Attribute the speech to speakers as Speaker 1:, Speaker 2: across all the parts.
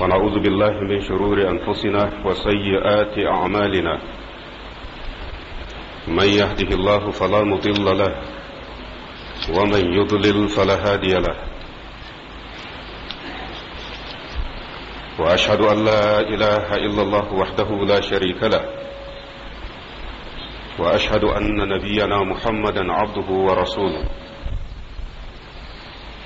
Speaker 1: ونعوذ بالله من شرور أنفسنا وسيئات أعمالنا من يهده الله فلا مضل له ومن يضلل فلا هادي له وأشهد أن لا إله إلا الله وحده لا شريك له وأشهد أن نبينا محمدا عبده ورسوله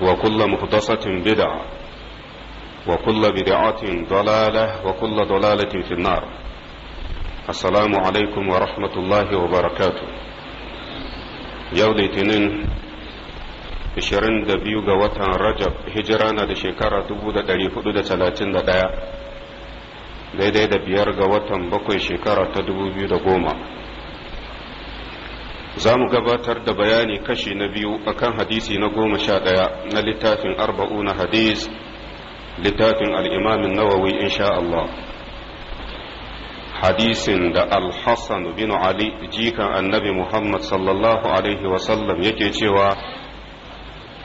Speaker 1: وكل محدثة بدعة وكل بدعة ضلالة وكل ضلالة في النار السلام عليكم ورحمة الله وبركاته يوم الاثنين 22 ga watan Rajab hijira na da shekara 1431 daidai da biyar ga watan bakwai shekara ta 2010 za mu gabatar da bayani kashi na biyu akan hadisi na goma sha ɗaya na littafin na hadis littafin al'imamin nawawi insha Allah hadisin da al-hassan bin ali jikan annabi muhammad sallallahu alaihi wasallam yake cewa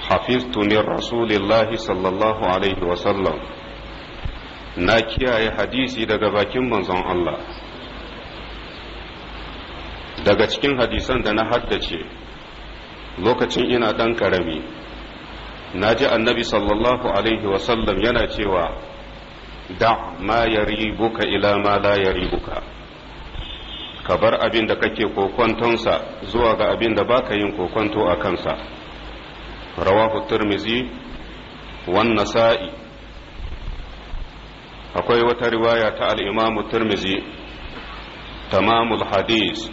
Speaker 1: hafiztu min rasulillahi sallallahu alaihi wasallam na kiyaye hadisi daga bakin manzon Allah daga cikin hadisan da na haddace lokacin ina ɗan ƙarami na ji annabi sallallahu alaihi wasallam yana cewa da ma ya ribuka ila ma la ya ribuka ka bar abin da kake kokontonsa zuwa ga abin da baka yin kokonto a kansa rawahu turmizi wan nasa'i akwai wata riwaya ta al'imamu turmizi tamamul hadis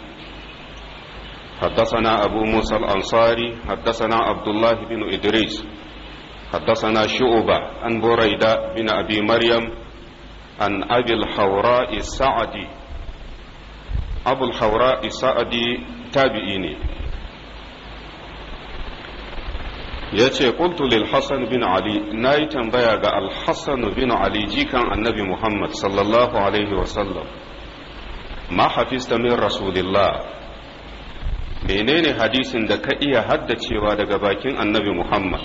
Speaker 1: حدثنا أبو موسى الأنصاري حدثنا عبد الله بن إدريس حدثنا شعبة عن بريدة بن أبي مريم عن أبي الحوراء السعدي أبو الحوراء السعدي تابعيني yace qultu lil hasan bin ali nayi tambaya ga al bin ali jikan annabi muhammad sallallahu alaihi wa sallam ma hafista min rasulillah menene hadisin da ka iya haddacewa daga bakin annabi muhammad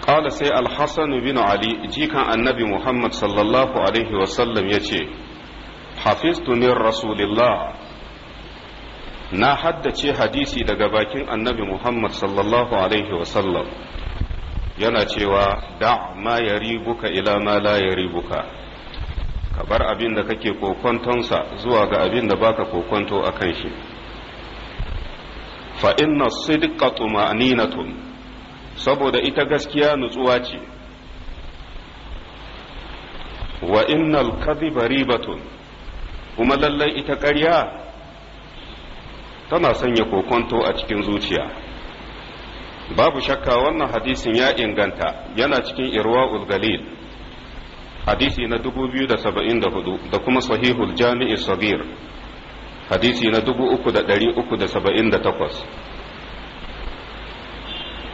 Speaker 1: قال sai الحسن بن علي جيكا النبي محمد صلى الله عليه وسلم يتي حفظت من رسول rasulillah. na haddace hadisi daga bakin annabi Muhammad sallallahu Alaihi sallam. yana cewa da ma ya ribuka ila ma la ya ribuka ka bar abin da kake kokontonsa zuwa ga abin da baka kokonto a kanshi. shi fa inna sidqa tuma'ninatun saboda ita gaskiya nutsuwa ce wa innal kadhiba ribatun kuma lallai ita ƙarya tana sanya kokonto a cikin zuciya babu shakka wannan hadisin ya inganta yana cikin irwa'ul galil hadisi na 2074 da kuma sahihul jami'i sabir hadisi na da da takwas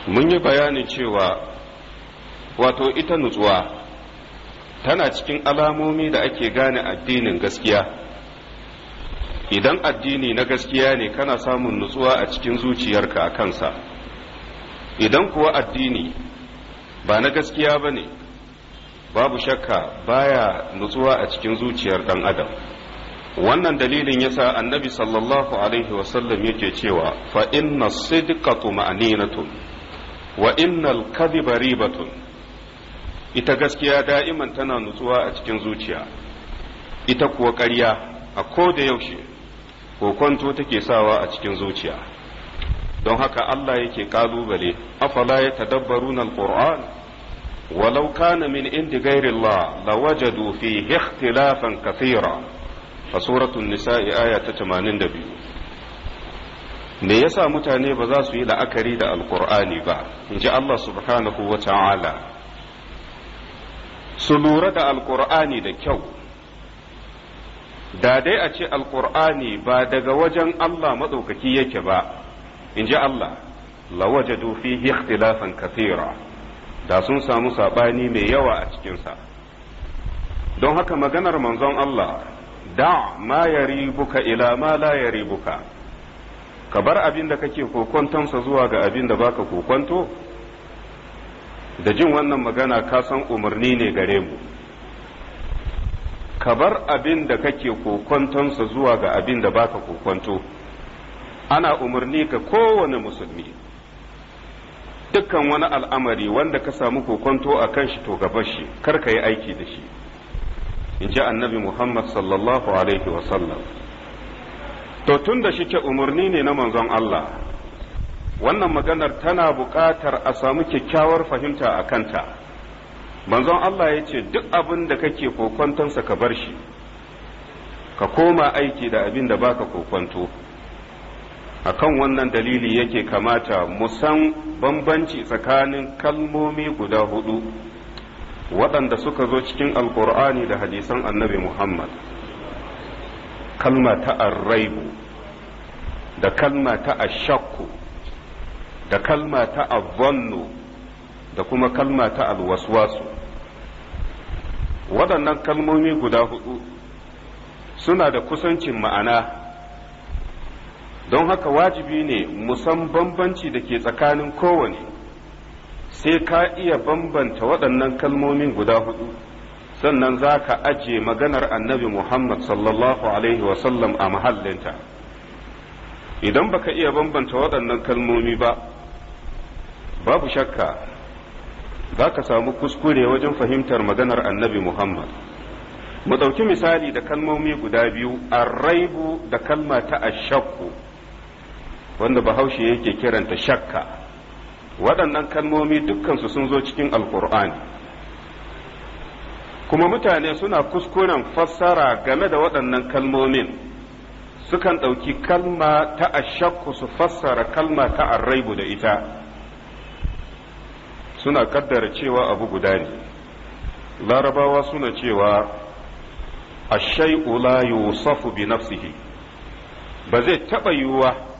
Speaker 1: mun yi bayanin cewa wato ita nutsuwa tana cikin alamomi da ake gane addinin gaskiya idan addini na gaskiya ne kana samun nutsuwa a cikin zuciyarka a kansa idan kuwa addini ba na gaskiya ba ne babu shakka baya nutsuwa a cikin zuciyar ɗan adam wannan dalilin yasa annabi sallallahu alaihi wasallam yake cewa fa inna sidqa tuma'ninatun wa innal kadhiba ribatun ita gaskiya da'iman tana nutsuwa a cikin zuciya ita kuwa ƙarya a ko da yaushe kokonto take sawa a cikin zuciya don haka Allah yake kalubale afala ya tadabbaruna alquran walau kana min indi ghairillah lawajadu fihi ikhtilafan kathira a suratun nisa'i aya ta 82 me yasa mutane ba za su yi la'akari da alkur'ani ba in ji Allah subhanahu wa ta'ala su lura da alkur'ani da kyau da dai a ce alkur'ani ba daga wajen Allah maɗaukaki yake ba in ji Allah lawajadu fihi ikhtilafan kathira da sun samu saɓani mai yawa a cikinsa don haka maganar manzon Allah da ma yaribuka ila ma la ribuka ka bar abin da kake kokontonsa zuwa ga abin da baka kokonto da jin wannan magana ka san umarni ne gare mu ka bar abin da kake kokontonsa zuwa ga abin da baka kokonto ana umarni ka kowane musulmi dukkan wani al'amari wanda ka samu kokonto a kan shi to gaban shi kar ka yi aiki da shi in ji annabi Muhammad sallallahu Alaihi wasallam. To tun da shike umarni ne na manzon Allah, wannan maganar tana buƙatar a samu kyakkyawar fahimta a kanta. Manzon Allah ya ce duk abin da kake kokwantonsa ka bar shi, ka koma aiki da abin da baka kokwanto. akan wannan dalili yake kamata mu san bambanci tsakanin kalmomi guda hudu. waɗanda suka zo cikin alkur'ani da hadisan annabi muhammad kalma ta arraibu da kalma ta ashakku da kalma ta avannu da kuma kalma ta alwaswasu waɗannan kalmomi guda hudu suna da kusancin ma'ana don haka wajibi ne musan bambanci da ke tsakanin kowane sai ka iya bambanta waɗannan kalmomin guda hudu sannan za ka ajiye maganar annabi Muhammad sallallahu Alaihi wasallam a mahallinta. Idan baka iya bambanta waɗannan kalmomi ba, babu shakka za ka samu kuskure wajen fahimtar maganar annabi Muhammad. Mu ɗauki misali da kalmomi guda biyu, arraibu da kalma ta ashakku, wanda bahaushe yake kiranta shakka. waɗannan kalmomi dukkansu sun zo cikin alkur'ani kuma mutane suna kuskuren fassara game da waɗannan kalmomin sukan ɗauki kalma ta ashakku su fassara kalma ta arraibu da ita suna kaddara cewa abu guda ne larabawa suna cewa ashai'u la yusafu bi nafsihi ba zai taɓa yiwuwa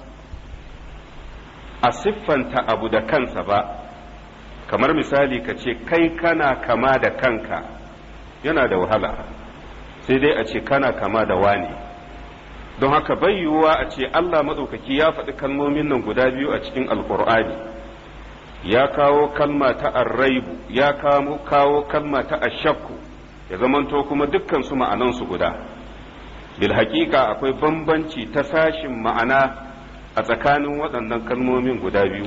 Speaker 1: a siffanta abu da kansa ba kamar misali ka ce kai kana kama da kanka yana da wahala sai dai a ce kana kama da wani don haka bai yiwuwa a ce Allah maɗaukaki ya faɗi kalmomin nan guda biyu a cikin alkur'ani ya kawo kalma ta arraibu ya kawo kalma ta ashakku ya zamanto kuma dukkan su ma'anansu guda bil haƙiƙa akwai bambanci ta sashin ma'ana a tsakanin waɗannan kalmomin guda biyu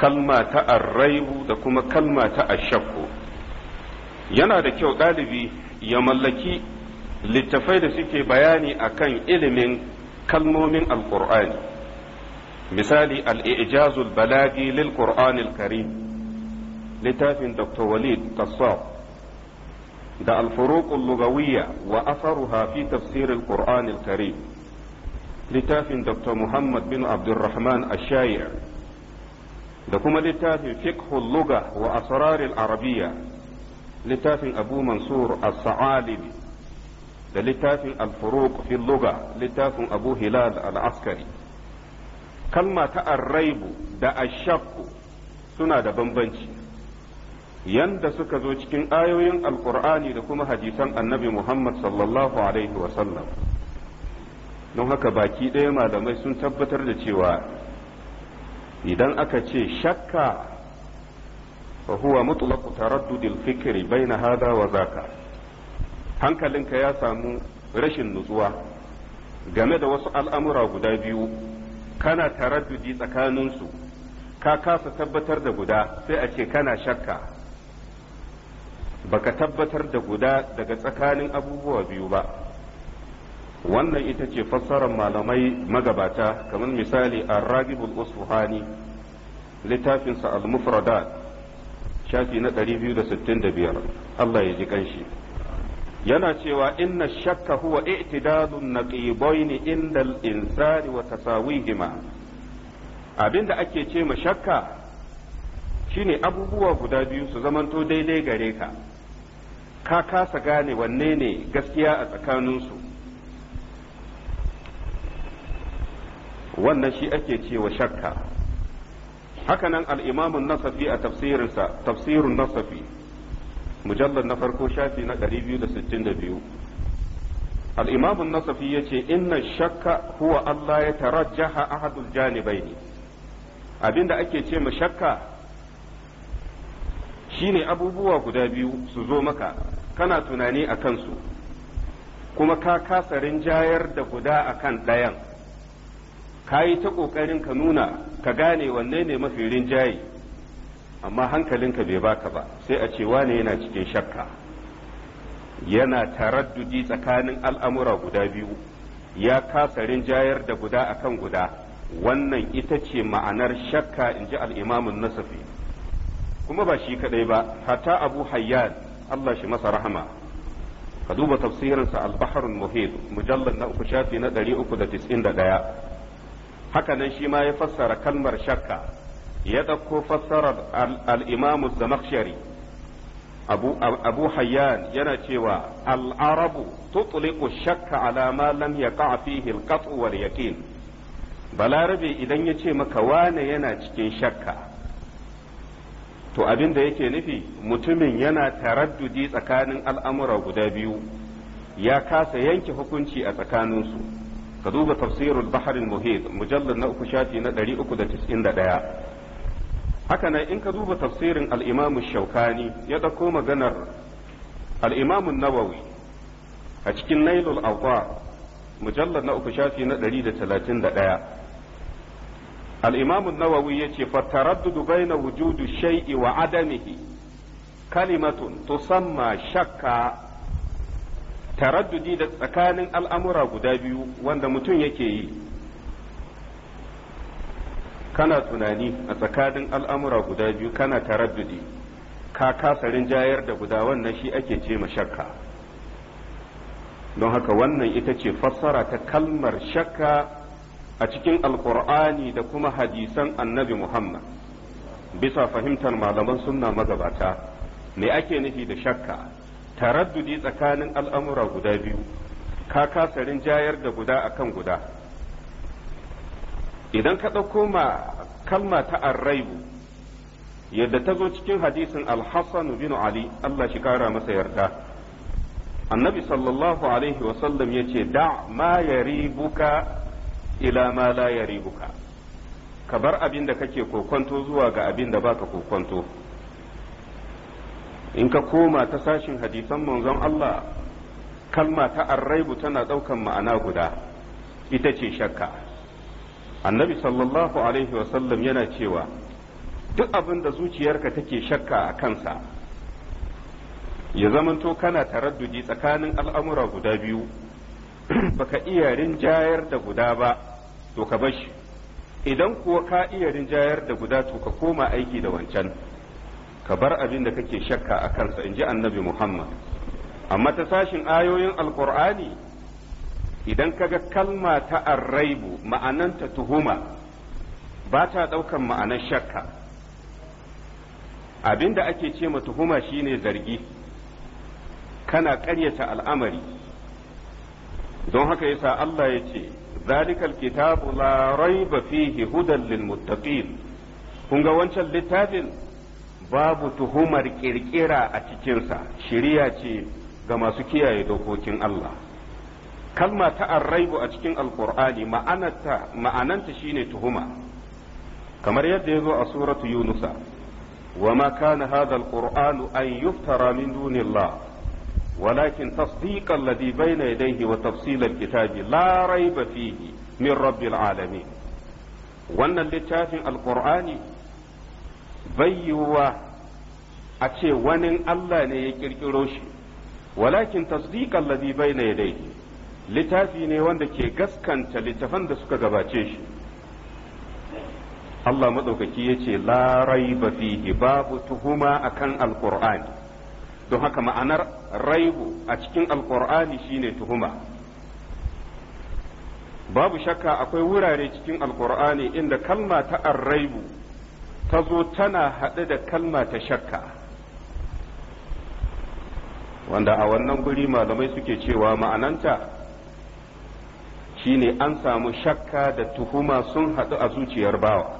Speaker 1: kalma ta arraibu da kuma kalma ta ashakku yana da kyau ɗalibi ya mallaki littafai da suke bayani a kan ilimin kalmomin alƙur'ani misali al'ijazul balagi lil ƙur'anil karim littafin dr walid tassab da alfuruqul lugawiyya wa asaruha fi tafsiril ƙur'anil karim littafin dr muhammad bin abdulrahman ashaya da kuma littafin fiqhul luga wa asraril arabiya littafin abu mansur as-sa'alibi da littafin al-furuq fi luga littafin abu hilal al-askari kalma ta arraibu da ashakku suna da bambanci yanda suka zo cikin ayoyin alkur'ani da kuma hadisan annabi muhammad sallallahu alaihi sallam. don haka baki ɗaya malamai sun tabbatar da cewa idan aka ce shakka fa huwa mutlaqu taraddudil fikri baina hada wa zaka hankalinka ya samu rashin nutsuwa game da wasu al'amura guda biyu kana taraddudi tsakaninsu ka kasa tabbatar da guda sai a ce kana shakka baka tabbatar da guda daga tsakanin abubuwa biyu ba wannan ita ce fassarar malamai magabata kamar misali a ragibul usfuhani littafinsa al-mufradat shafi na 265 Allah ya ji kanshi yana cewa inna shakka huwa i'tidalun naqibain inda al-insani wa tasawihima abinda ake ce ma shakka shine abubuwa guda biyu su zamanto daidai gare ka ka kasa gane wanne ne gaskiya a tsakaninsu wannan shi ake cewa shakka hakanan al'imamun nasafi a tafsirinsa tafsirun nasafi mujallar na farko shafi na 262 al'imamun nasafi ya ce inna shakka huwa Allah ya tarajjaha ahadul janibai ne abinda ake ce ma shakka shine abubuwa guda biyu su zo maka kana tunani a kansu kuma ka kasa rinjayar da guda akan ɗayan ka yi ta ƙoƙarin ka nuna ka gane wanne ne mafi rinjaye amma hankalinka bai baka ba sai a cewa ne yana cikin shakka yana taraddudi tsakanin al'amura guda biyu ya kasa rinjayar da guda akan guda wannan ita ce ma'anar shakka in ji al'imamun nasafi kuma ba shi kadai ba hatta abu hayyan Allah shi masa rahama ka duba tafsirinsa al-bahrul muhit mujallad na uku shafi na 391 hakanan shi ma ya fassara kalmar shakka ya ɗauko fassarar al'imamu da makshari abu hayyan yana cewa al'arabu tutliqu shakka ala ma lam yaqa fihi al-qat'u wal yaqin balarabe idan ya ce maka wane yana cikin shakka to abin da yake nufi mutumin yana taraddudi tsakanin al'amura guda biyu ya kasa yanke hukunci a tsakaninsu ka duba tafsirul baharin muhit mujallar na uku shafi na ɗaya. haka nan in ka duba tafsirin al shaukani ya ɗauko maganar al nawawi a cikin nailul awqa mujallar na uku shafi na 131 al-imam nawawi ce fa taraddudu baina wujudu shai'i wa adamihi kalimatun tusamma shakka taraddudi da tsakanin al'amura guda biyu wanda mutum yake yi kana tunani a tsakanin al'amura guda biyu kana taraddudi ka kasa rinjayar da guda wannan shi ake ce ma shakka don haka wannan ita ce fassara ta kalmar shakka a cikin alkur'ani da kuma hadisan annabi muhammad bisa fahimtar malaman sunna magabata me ake nufi da shakka taraddudi tsakanin al'amura guda biyu ka kasa rinjayar da guda a kan guda idan ka ɗauko ma kalma ta arraibu yadda ta zo cikin hadisin alhassan bin ali Allah shi kara masa yarda annabi sallallahu alaihi wasallam ya ce da ma yaribuka ila ma la yaribuka ka bar abin da kake kokonto zuwa ga abin da baka kokonto in ka koma ta sashin hadisan manzon Allah kalma ta arraibu tana ɗaukan ma'ana guda ita ce shakka annabi sallallahu alaihi wasallam yana cewa duk abin da zuciyarka take shakka a kansa ya zamanto kana taraddudi tsakanin al'amura guda biyu baka iya rinjayar da guda ba to ka bashi idan kuwa ka iya rinjayar da guda to ka koma aiki da wancan ka bar abin da kake shakka a kansa in ji annabi muhammad amma ta sashin ayoyin alkur'ani idan kaga kalma ta arraibu ma'ananta tuhuma ba ta ɗaukan ma'anar shakka abin da ake ce ma tuhuma shine zargi kana ƙaryata al'amari don haka yasa Allah ya ce zalikal kitabu la raiba fihi hudan lil kun ga wancan littafin babu tuhumar kirkira a cikinsa shiriya ce ga masu kiyaye dokokin Allah kalma ta arraibu a cikin alkur'ani ma'ananta shine tuhuma kamar yadda ya zo a suratu yunusa wa ma kana hadha alqur'anu an yuftara min dunillah walakin tasdiqan alladhi bayna yadayhi wa tafsila alkitabi la raiba fihi min rabbil alamin wannan littafin alqur'ani bai a ce wani Allah ne ya ƙirƙiro shi walakin tasdiqan ladhi bayna yadayhi littafi ne wanda ke gaskanta littafan da suka gabace shi Allah madaukaki yace la raiba fihi babu tuhuma akan alqur'ani don haka ma'anar raibu a cikin alqur'ani shine tuhuma babu shakka akwai wurare cikin alqur'ani inda kalma ta arraibu ta zo tana haɗe da kalma ta shakka wanda a wannan guri malamai suke cewa ma'ananta shine an samu shakka da tuhuma sun haɗu a zuciyar bawa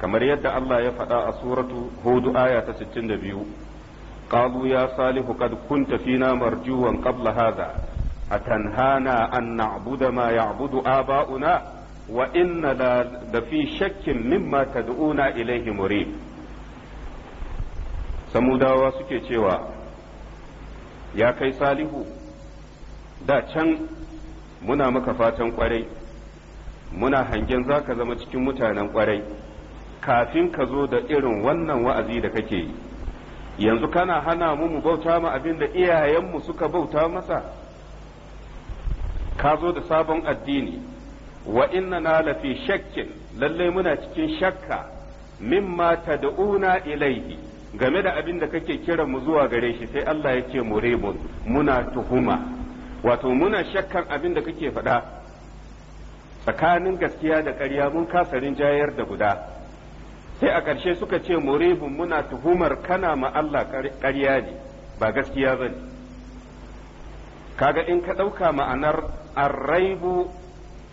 Speaker 1: kamar yadda Allah ya faɗa a suratu hudu aya ta 62 قالوا يا صالح قد كنت فينا مرجوا قبل هذا أتنهانا أن نعبد ما يعبد aba'una wa inna la fi shakkin mimma tad'una ilaihi murib samudawa suke cewa ya kai salihu da can muna maka fatan kwarai muna hangen za ka zama cikin mutanen kwarai kafin ka zo da irin wannan wa'azi da kake yi yanzu kana hana mu mu bauta ma abin da iyayenmu suka bauta masa ka zo da sabon addini wa inna na lafi shakkin lalle muna cikin shakka mimma tad'una ilaihi game da abin da kake kira mu zuwa gare shi sai Allah ya ce murebun muna tuhuma wato muna shakkan abin da kake faɗa tsakanin gaskiya da ƙarya mun kasa rinjayar da guda sai a ƙarshe suka ce murebun muna tuhumar kana ma Allah ƙarya ne ba gaskiya ba kaga in ka ɗauka ma'anar arraibu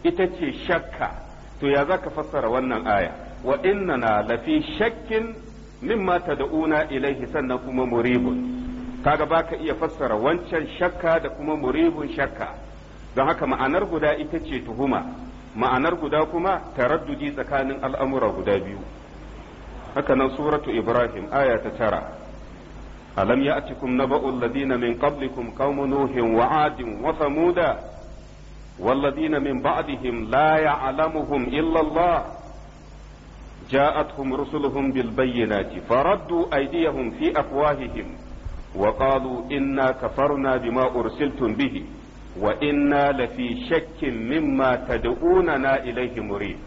Speaker 1: ita ce shakka to ya za ka fassara wannan aya wa na lafi shakkin mimma una ilaihi sannan kuma muribun kaga baka iya fassara wancan shakka da kuma muribun shakka don haka ma'anar guda ita ce tuhuma ma'anar guda kuma taraddudi tsakanin al'amura guda biyu haka nan suratu ibrahim aya ta tara alam ya'tikum naba'ul ladina min qablikum qaumun nuhin wa 'adin wa والذين من بعدهم لا يعلمهم إلا الله جاءتهم رسلهم بالبينات فردوا أيديهم في أفواههم وقالوا إنا كفرنا بما أرسلتم به وإنا لفي شك مما تدعوننا إليه مريب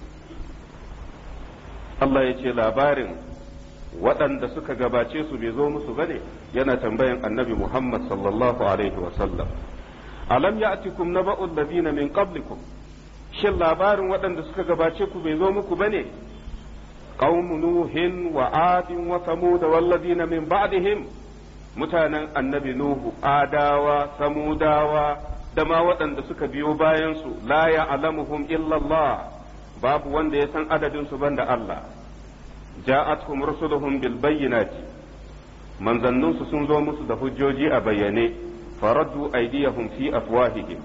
Speaker 1: الله يجي لابارن waɗanda suka gabace su bai zo musu bane yana tambayan annabi Muhammad sallallahu alaihi wasallam alam ya'tikum naba'ul ladina min qablikum shin labarin waɗanda suka gabace ku bai zo muku bane qaumu nuhin wa adin wa samud wal ladina min ba'dihim mutanen annabi nuhu adawa samudawa da ma waɗanda suka biyo bayan su la ya'lamuhum illa Allah babu wanda ya san adadin su banda Allah ja'atkum rusuluhum bil bayyinati manzanninsu sun zo musu da hujjoji a bayyane faraddu aydiyahum fi afwahihim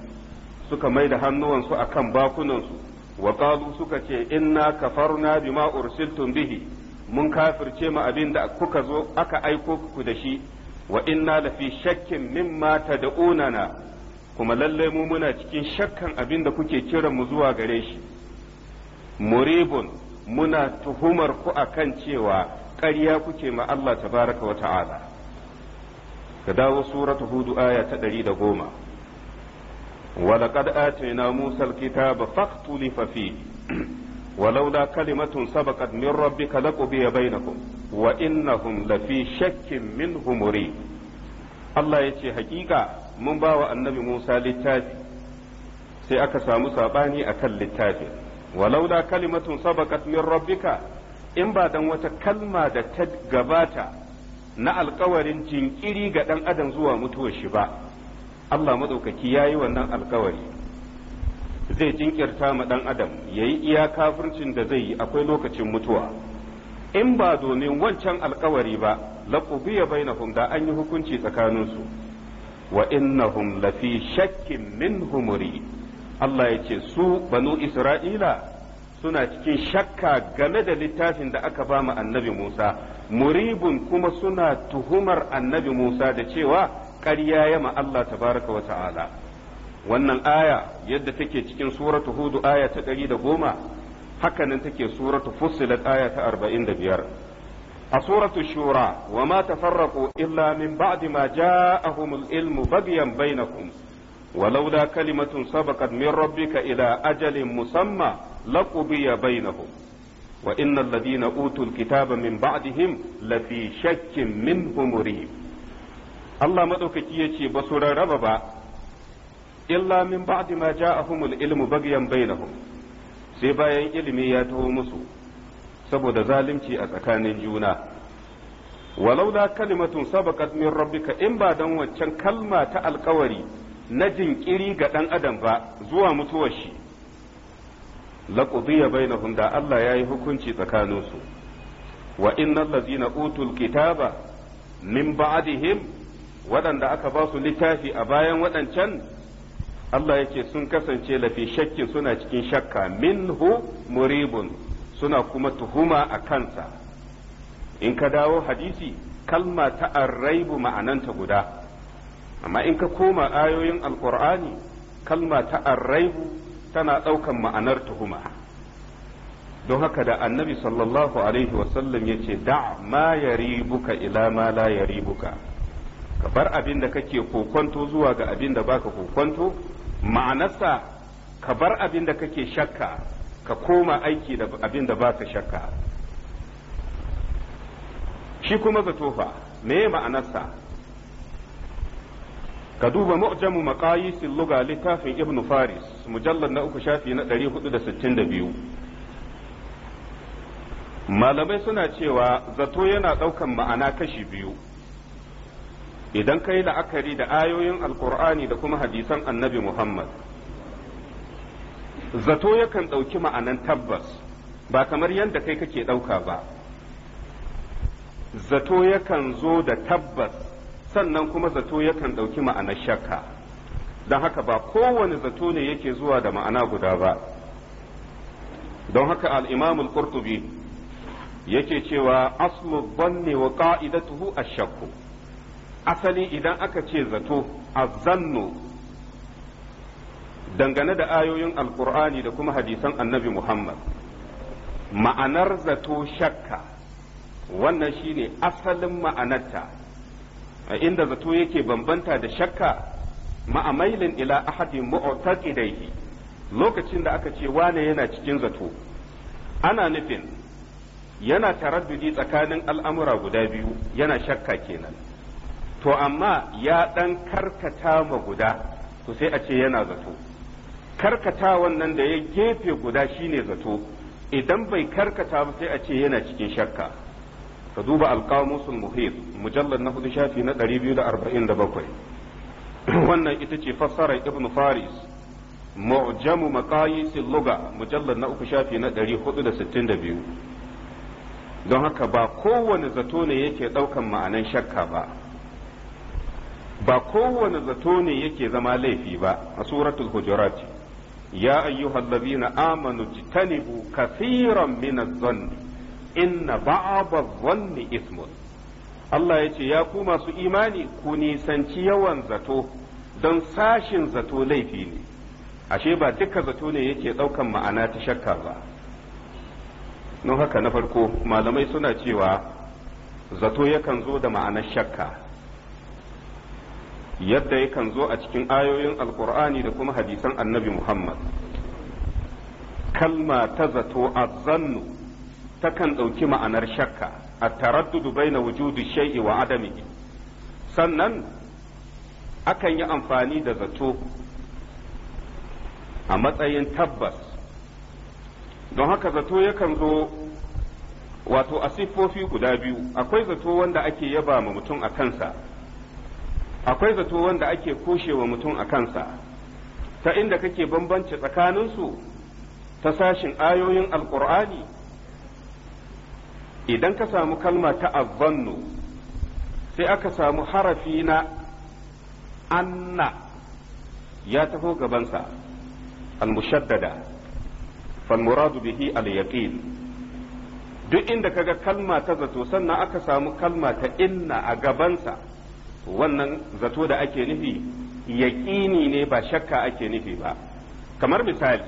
Speaker 1: suka mai da hannuwansu akan bakunansu wa qalu suka ce inna kafarna bima ursiltum bihi mun kafirce mu abin da kuka zo aka aiko ku da shi wa inna lafi shakkin mimma na kuma lallai mu muna cikin shakkan abin da kuke kiran mu zuwa gare shi
Speaker 2: muribun
Speaker 1: muna tuhumar ku akan cewa ƙarya kuke ma Allah tabaraka wa ta'ala ka dawo suratu hudu aya ta ɗari da goma ولقد آتينا موسى الكتاب فاختلف فيه ولولا كلمة سبقت من ربك لقضي بينكم وإنهم لفي شك منه مريب الله يتي حقيقة من باوى النبي موسى للتاج sai aka samu saɓani a kan littafin walaula kalimatun sabakat min rabbika in ba wata kalma da ta gabata na alkawarin jinkiri ga ɗan adam zuwa mutuwar shi ba Allah maɗaukaki ya yi wannan alkawari zai jinkirta ma ɗan adam ya yi iya kafircin da zai yi akwai lokacin mutuwa in ba domin wancan alkawari ba bai na da an yi hukunci tsakaninsu wa innahum lafi shakkin min humuri Allah ya ce su banu Isra'ila suna cikin shakka game da littafin da aka ba mu annabi Musa muribun kuma suna tuhumar annabi Musa da cewa ƙarya ya ma Allah tabaraka wa ta'ala wannan aya yadda take cikin suratu hudu aya ta ɗari da goma hakanan take suratu fussilat aya ta arba'in da biyar a suratu shura wa ma tafarraqu illa min ba'di ma ja'ahumul ilmu bagiyan bainahum ولولا كلمة سبقت من ربك إلى أجل مسمى laqudiya bainahum wa innal ladina utul kitaba min ba'dihim lafi shakkin minhum murib Allah madaukaki yace ba su rarraba ba illa min ba'di ma ja'ahumul ilmu bagyan bainahum sai bayan ilimi ya taho musu saboda zalunci a tsakanin juna walaula kalimatun sabaqat min rabbika in ba dan waccan kalma ta alkawari na jinƙiri ga ɗan adam ba zuwa mutuwar shi bai na da Allah yayi hukunci tsakaninsu wa innal na utul kitaba min ba'dihim waɗanda aka ba su littafi a bayan waɗancan Allah yake sun kasance lafi shakkin suna cikin shakka minhu muribun suna kuma tuhuma a kansa in ka dawo hadisi kalma ta arraibu ma'ananta guda amma in ka koma ayoyin alkur'ani kalma ta arraibu tana ɗaukan ma'anar tuhuma don haka da annabi sallallahu alaihi wasallam ya ce da ma ya ribuka ila ma la ya ribuka ka bar abin da kake kokonto zuwa ga abin da baka kokonto ma'anarsa ka bar abin da kake shakka ka koma aiki da abin da baka shakka shi kuma zatofa me ma'anarsa ka duba mu'jamu maqayis lugha littafin ibnu faris mujallad na uku shafi na 462 malamai suna cewa zato yana ɗaukan ma'ana kashi biyu idan kayi la'akari da ayoyin alkur'ani da kuma hadisan annabi muhammad zato yakan ɗauki ma'anan tabbas ba kamar yadda kai kake ɗauka ba zato yakan zo da tabbas sannan kuma zato yakan ɗauki ma'anar shakka don haka ba kowane zato ne yake zuwa da ma'ana guda ba don haka al'imamul qurtubi yake cewa aslu banne wa a shakku asali idan aka ce zato azannu dangane da ayoyin alƙur'ani da kuma hadisan annabi muhammad ma'anar zato shakka wannan shine asalin ma'anarta a inda zato yake bambanta da shakka ma'amailin ila ahadin ahadi mu'taqidaihi lokacin da aka ce wane yana cikin zato ana nufin yana taraddudi tsakanin al'amura guda biyu yana shakka kenan to amma ya ɗan karkata ma guda to sai a ce yana zato karkata wannan da ya gefe guda shine zato idan bai karkata ba sai a ce yana cikin shakka ka duba alqamusul muhit mujallad na hudu shafi na 247 wannan ita ce fassarar ibnu faris mu'jamu maqayisil lugha mujallad na uku shafi na 462 don haka ba kowane zato ne yake daukan ma'anan shakka ba ba kowane zato ne yake zama laifi ba a suratul hujurat ya ayyuhallazina amanu jitanibu kathiran minadh-dhanni inna ba'aba dhanni ismun Allah ya ce ya ku masu imani ku nisanci yawan zato don sashin zato laifi ne ashe ba duka zato ne yake ɗaukan ma'ana ta shakka ba don haka na farko malamai suna cewa zato yakan zo da ma'anar shakka yadda yakan zo a cikin ayoyin alkur'ani da kuma hadisan annabi muhammad kalma ta zato a zannu. takan ɗauki ma'anar shakka a taraddudu na wujudi shay'i wa adami sannan akan yi amfani da zato a matsayin tabbas don haka zato yakan zo wato a siffofi guda biyu akwai zato wanda ake yaba ma mutum a kansa akwai zato wanda ake koshewa mutum a kansa ta inda kake bambanci tsakaninsu ta sashin ayoyin alƙur'ani. idan ka samu kalma ta azzannu sai aka samu harafi na anna ya taho gabansa al-mushaddada fal muradu bihi al-yaqin duk inda kaga kalma ta zato sannan aka samu kalma ta inna a gabansa wannan zato da ake nufi yaƙini ne ba shakka ake nufi ba kamar misali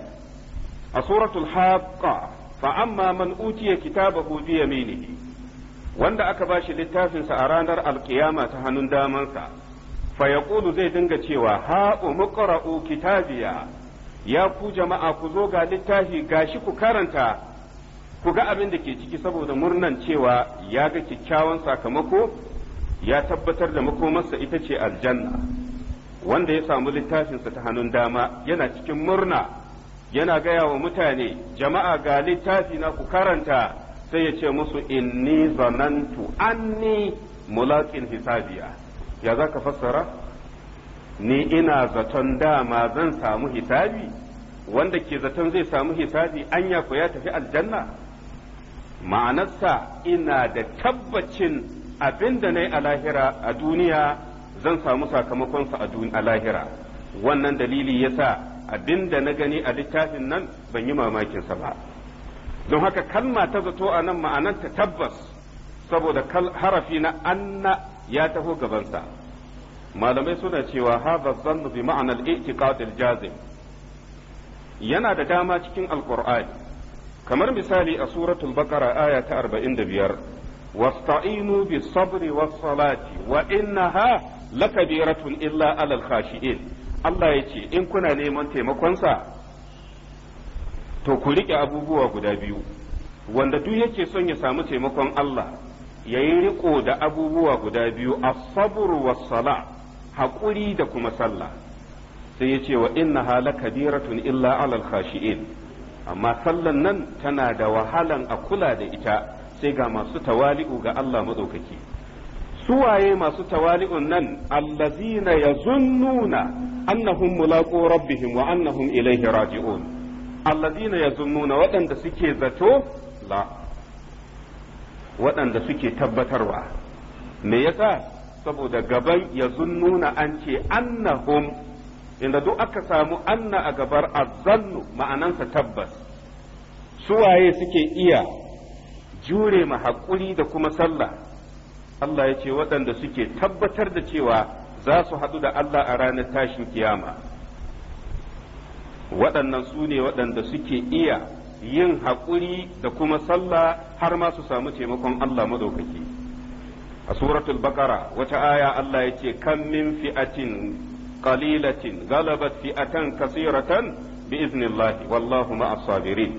Speaker 1: a suratul haqqah fa amma man utiya kitabahu bi wanda aka bashi littafinsa a ranar alkiyama ta hannun damansa fa yaqulu zai dinga cewa ha umqra'u kitabiya ya ku jama'a ku zo ga littafi gashi ku karanta ku ga abin da ke ciki saboda murnan cewa ya ga kyakkyawan sakamako ya tabbatar da makomarsa ita ce aljanna wanda ya samu littafinsa ta hannun dama yana cikin murna yana gaya wa mutane jama'a ga littafi na ku karanta sai ya ce musu inni zanantu anni mulaqin hisabiya ya za ka fassara ni ina zaton dama zan samu hisabi wanda ke zaton zai samu hisabi anya ku ya tafi aljanna ma'anarsa ina da tabbacin abinda na yi a a duniya zan samu sakamakonsa a lahira wannan dalili yasa abinda na gani a littafin nan ban yi mamakinsa ba don haka kalma ta zato a nan ma'anan ta tabbas saboda harafi na anna ya taho gabansa malamai suna cewa hadha zannu bi ma'anar al-i'tiqad jazim yana da dama cikin alqur'ani kamar misali a suratul baqara aya ta 45 واستعينوا بالصبر والصلاة وإنها لكبيرة illa alal الخاشئين Allah ya ce in kuna neman taimakonsa to ku riƙe abubuwa guda biyu wanda duk yake son ya samu taimakon Allah ya yi riƙo da abubuwa guda biyu a sabru wa sala haƙuri da kuma sallah sai ya ce wa inna hala kabiratun illa alal khashi'in amma sallan nan tana da wahalan a kula da ita sai ga masu tawali'u ga Allah su suwaye masu tawali'un nan allazina yazunnuna annahum mulaqu rabbihim wa annahum ilayhi raji'un alladina yazunnuna waɗanda suke zato la waɗanda suke tabbatarwa me yasa saboda gaban yazunnuna an ce annahum inda duk aka samu anna a gabar azzannu ma'anansa tabbas suwaye suke iya jure ma haƙuri da kuma sallah Allah ya ce waɗanda suke tabbatar da cewa za su haɗu da Allah a ranar tashin kiyama waɗannan su ne waɗanda suke iya yin haƙuri da kuma sallah har ma su samu taimakon Allah maɗaukaki a suratul bakara wata aya Allah ya ce kan min fi'atin qalilatin galabat fi'atan kasiratan bi iznillahi wallahu ma'as sabirin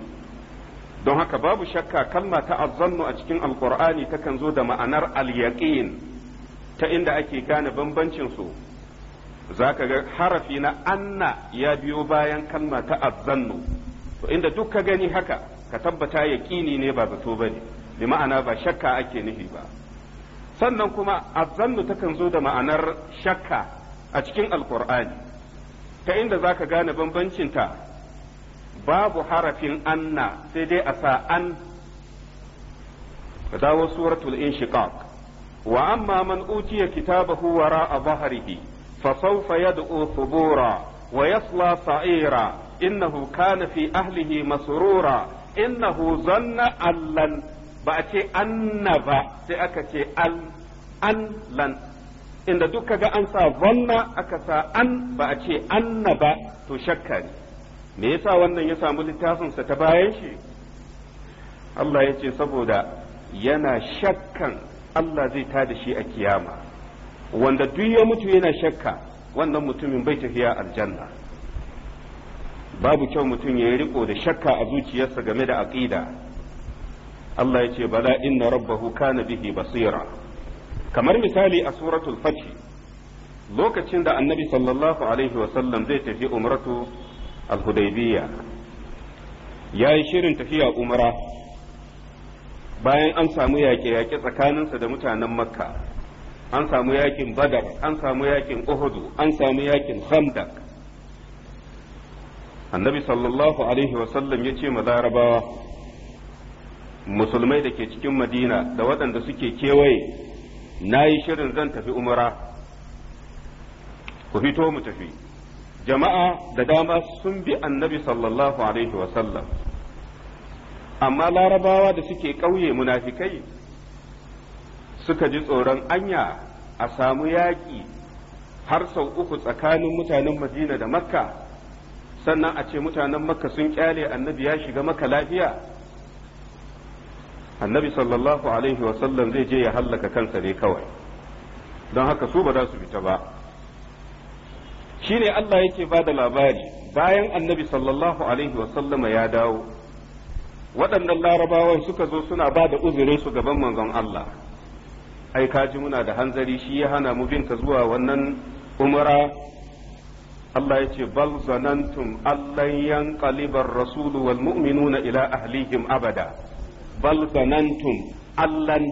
Speaker 1: don haka babu shakka kalma ta azzannu a cikin alqur'ani takan zo da ma'anar al-yaqin ta inda ake gane bambancin su za ka ga harafi na anna ya biyo bayan kalma ta azzannu to inda duk ka gani haka ka tabbata yaƙini ne ba zato ba ne bi ma'ana ba shakka ake nufi ba sannan kuma azzannu takan zo da ma'anar shakka a cikin alkur'ani ta inda za ka gane ta babu harafin anna sai dai a sa an ka dawo suratul inshiqaq wa amma man utiya kitabahu wara'a dhahrihi fa sawfa yad'u thubura wa yasla sa'ira innahu kana fi ahlihi masrura innahu zanna allan ba ce annaba sai aka ce al an lan inda duk kaga an sa zanna aka sa an ce annaba to shakka ne me yasa wannan ya samu littafinsa ta bayan shi Allah ya ce saboda yana shakkan Allah zai tada shi a kiyama wanda duk ya mutu yana shakka wannan mutumin bai tafiya aljanna babu kyau mutum ya riko da shakka a zuciyarsa game da aqida Allah ya ce bala inna rabbahu kana bihi basira kamar misali a suratul fath lokacin da annabi sallallahu alaihi wasallam zai tafi umratu al-hudaybiyya yayi shirin tafiya umra bayan an samu yaƙe-yaƙe tsakaninsa da mutanen makka an samu yaƙin badar an samu yaƙin uhudu an samu yaƙin khandak annabi sallallahu alaihi wasallam ya ce mazarabawa musulmai da ke cikin madina da waɗanda suke kewaye na yi shirin zan tafi umara ku fito mu tafi jama'a da dama sun bi annabi sallallahu alaihi wasallam amma larabawa da suke ƙauye munafikai suka ji tsoron anya a samu yaƙi har sau uku tsakanin mutanen madina da makka sannan a ce mutanen makka sun ƙyale annabi ya shiga maka lafiya annabi sallallahu alaihi wasallam zai je ya hallaka kansa ne kawai don haka su ba za su fita ba Shi ne Allah yake ba da labari bayan annabi sallallahu alaihi wasallama ya dawo waɗannan larabawan suka zo suna ba da uzurin su gaban manzon Allah ai kaji muna da hanzari shi ya hana mu binta zuwa wannan umara Allah ya ce bal zanantum allan yanqalibar rasulu wal mu'minuna ila ahlihim abada bal zanantum allan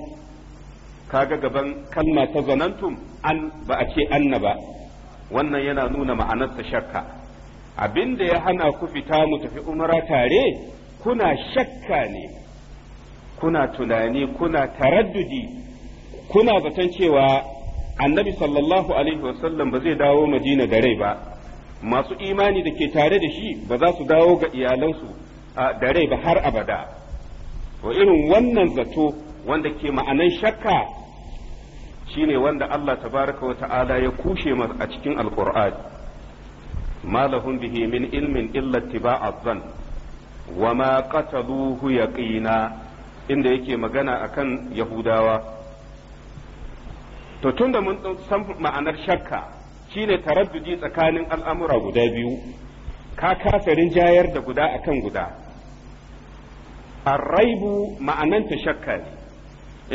Speaker 1: kaga gaban kalma ta zanantum an ba a ce anna ba wannan yana nuna ma'anar ta shakka abinda ya hana ku fita mu tafi umara tare kuna shakka ne kuna tunani kuna taraddudi kuna zaton cewa annabi sallallahu alaihi wasallam ba zai dawo madina da rai ba masu imani da ke tare da shi ba za su dawo ga iyalansu da rai ba har abada wa irin wannan zato wanda ke ma'anan shakka shine wanda Allah tabaraka wa ta'ala ya kushe a cikin alkur'ani ma lahum bihi min ilmin illa ittiba'a Zan. wa ma qataluhu yaqina inda yake magana akan yahudawa to tunda mun san ma'anar shakka shine taraddudi tsakanin al'amura guda biyu ka kasa rinjayar da guda akan guda arraibu ma'ananta shakka ne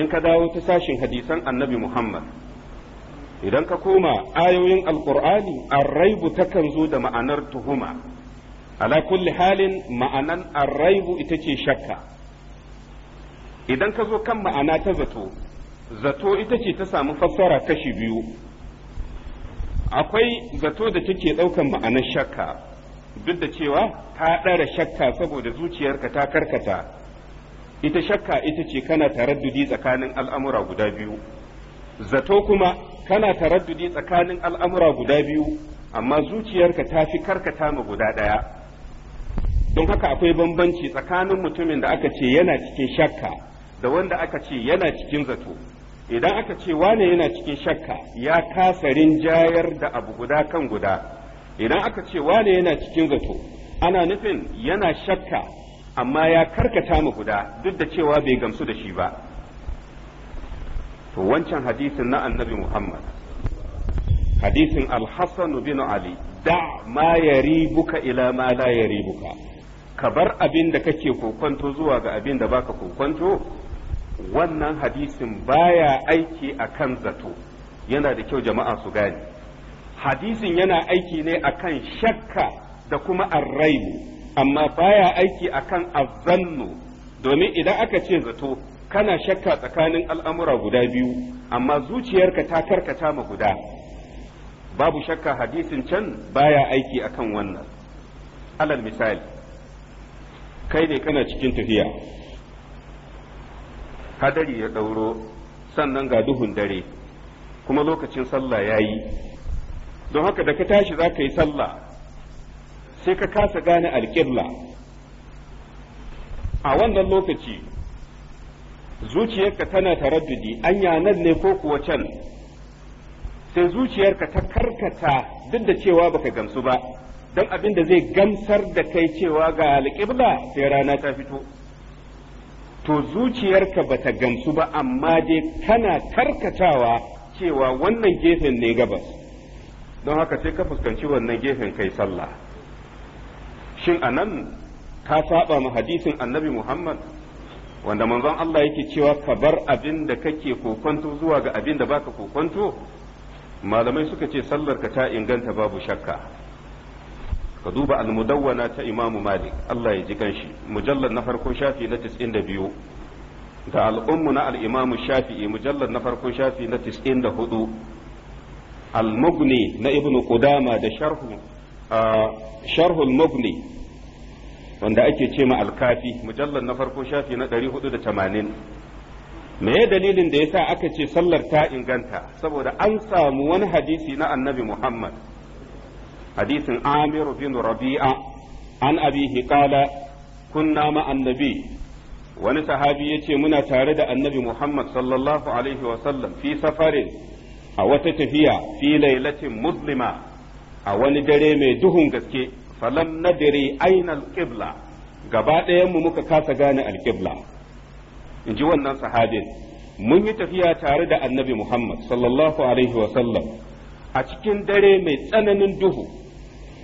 Speaker 1: in ka dawo ta sashin hadisan annabi muhammad idan ka koma ayoyin alkur'ani arraibu takan zo da ma'anar tuhuma ala kulli halin ma'anan arraibu ita ce shakka idan ka zo kan ma'ana ta zato zato ita ce ta samu fassara kashi biyu akwai zato da take ɗaukan ma'anar shakka duk da cewa ta ɗara shakka saboda zuciyarka ta karkata ita shakka ita ce kana taraddudi tsakanin al'amura guda biyu zato kuma kana taraddudi tsakanin al'amura guda biyu amma zuciyarka ta fi karkata ma guda ɗaya don haka akwai bambanci tsakanin mutumin da aka ce yana cikin shakka da wanda aka ce yana cikin zato idan aka ce wane yana cikin shakka ya kasa rinjayar da abu guda kan guda idan aka ce wane yana cikin zato ana nufin yana shakka amma ya karkata mu guda duk da cewa bai gamsu da shi ba to wancan hadisin na annabi muhammad hadisin al bin ali da ma ribuka ila ma la buka ka bar abin da kake kokwanto zuwa ga abin da baka kokwanto wannan hadisin baya aiki akan zato yana da kyau jama'a su gane hadisin yana aiki ne akan shakka da kuma arraimu amma baya aiki akan azzannu domin idan aka ce zato kana shakka tsakanin al'amura guda biyu amma zuciyarka ta karkata ma guda babu shakka hadisin can baya aiki akan wannan alal misali kai ne kana cikin tafiya hadari ya ɗauro sannan ga duhun dare kuma lokacin sallah ya yi don haka da ka tashi za ka yi sallah sai ka kasa gane alƙirla. a wannan lokaci zuciyarka tana taraddudi anya nan ne ko kuwa can sai zuciyarka ta karkata duk da cewa baka gamsu ba don abin da zai gamsar da kai cewa ga alƙibla sai rana ta fito to zuciyarka ba ta gamsu ba amma dai kana karkatawa cewa wannan gefen ne gabas don haka sai ka fuskanci wannan gefen kai sallah shin a nan ka saba ma hadisin annabi muhammad wanda manzon Allah yake cewa ka bar abin da kake kokonto zuwa ga abin da baka kokonto malamai suka ce sallarka ta inganta babu shakka ka duba al ta Imam Malik Allah ya ji kanshi Mujallar na farko shafi na 92 da al-ummu na al-Imam Shafi'i mujallad na farko shafi na 94 al-Mughni na Ibn Qudama da sharhu sharhu al-Mughni wanda ake ce ma al-Kafi mujallar na farko shafi na 480 me dalilin da yasa aka ce sallar ta inganta saboda an samu wani hadisi na annabi Muhammad hadisin amir bin rabi'a an abihi ƙala kunna ma annabi wani sahabi ya ce muna tare da annabi Muhammad sallallahu alaihi wa sallam fi safarin a wata tafiya fi lailatin muslima a wani dare mai duhun gaske falam nadiri aina alqibla gaba ɗayan mu muka kasa gane alqibla in ji wannan sahabin mun yi tafiya tare da annabi Muhammad sallallahu alaihi wa sallam a cikin dare mai tsananin duhu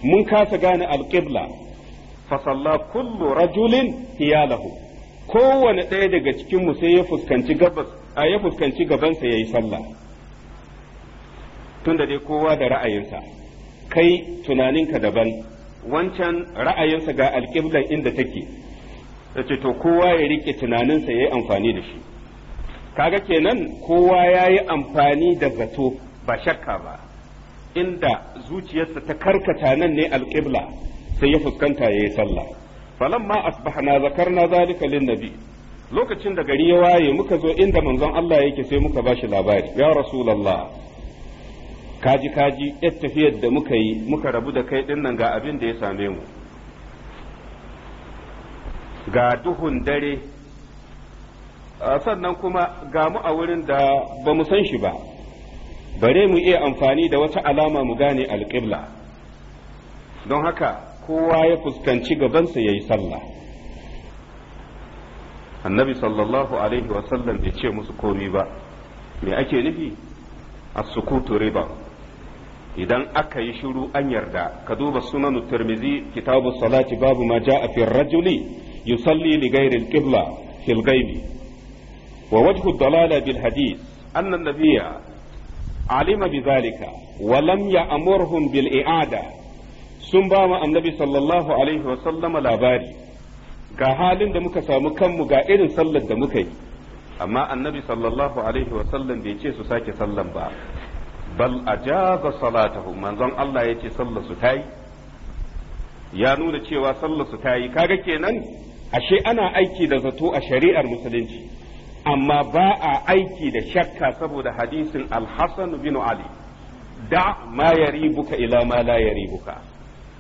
Speaker 1: mun kasa gane alƙibla fasalla kullu rajulin hiyalahu kowane ɗaya daga cikin mu sai ya fuskanci gabas a ya fuskanci gabansa ya yi sallah tunda dai kowa da ra'ayinsa kai tunaninka daban wancan ra'ayinsa ga alƙiblan inda take ce to kowa ya riƙe tunaninsa ya yi amfani da shi kaga kenan kowa ya yi amfani da zato ba shakka ba inda zuciyarsa ta karkata nan ne alƙibla sai ya fuskanta ya yi sallah falamma asbahna zakarna zalika linnabi lokacin da gari ya waye muka zo inda manzon Allah yake sai muka shi labari ya rasulullah kaji kaji yar tafiyar da muka yi muka rabu da kai dinnan ga abin da ya same mu ga duhun dare sannan kuma ga mu a wurin da ba mu san shi ba bare mu iya amfani da wata alama mu gane alƙibla don haka kowa ya fuskanci gabansa ya yi sallah annabi sallallahu alaihi wasallam bai ce musu komi ba me ake nufi a sukutu riba idan aka yi shiru an yarda ka duba sunanu tirmizi kitabu salati babu ma ja'a fi rajuli yusalli li ghairi al-qibla fil ghaibi wa wajhu ad-dalala bil hadith anna an-nabiyya alima bizalika walamya a lam ya'murhum bil i'ada sun bama annabi sallallahu alaihi labari ga halin da muka samu kanmu ga irin sallar da muka yi amma annabi sallallahu alaihi bai ce su sake sallar ba bal ajaba salatahu manzon Allah yace sallar su tayi ya nuna cewa sallar su tayi kaga kenan ashe ana aiki da zato a shari'ar musulunci amma ba a aiki da shakka saboda hadisin al-hasan bin ali da ma ribuka ila ma la ribuka.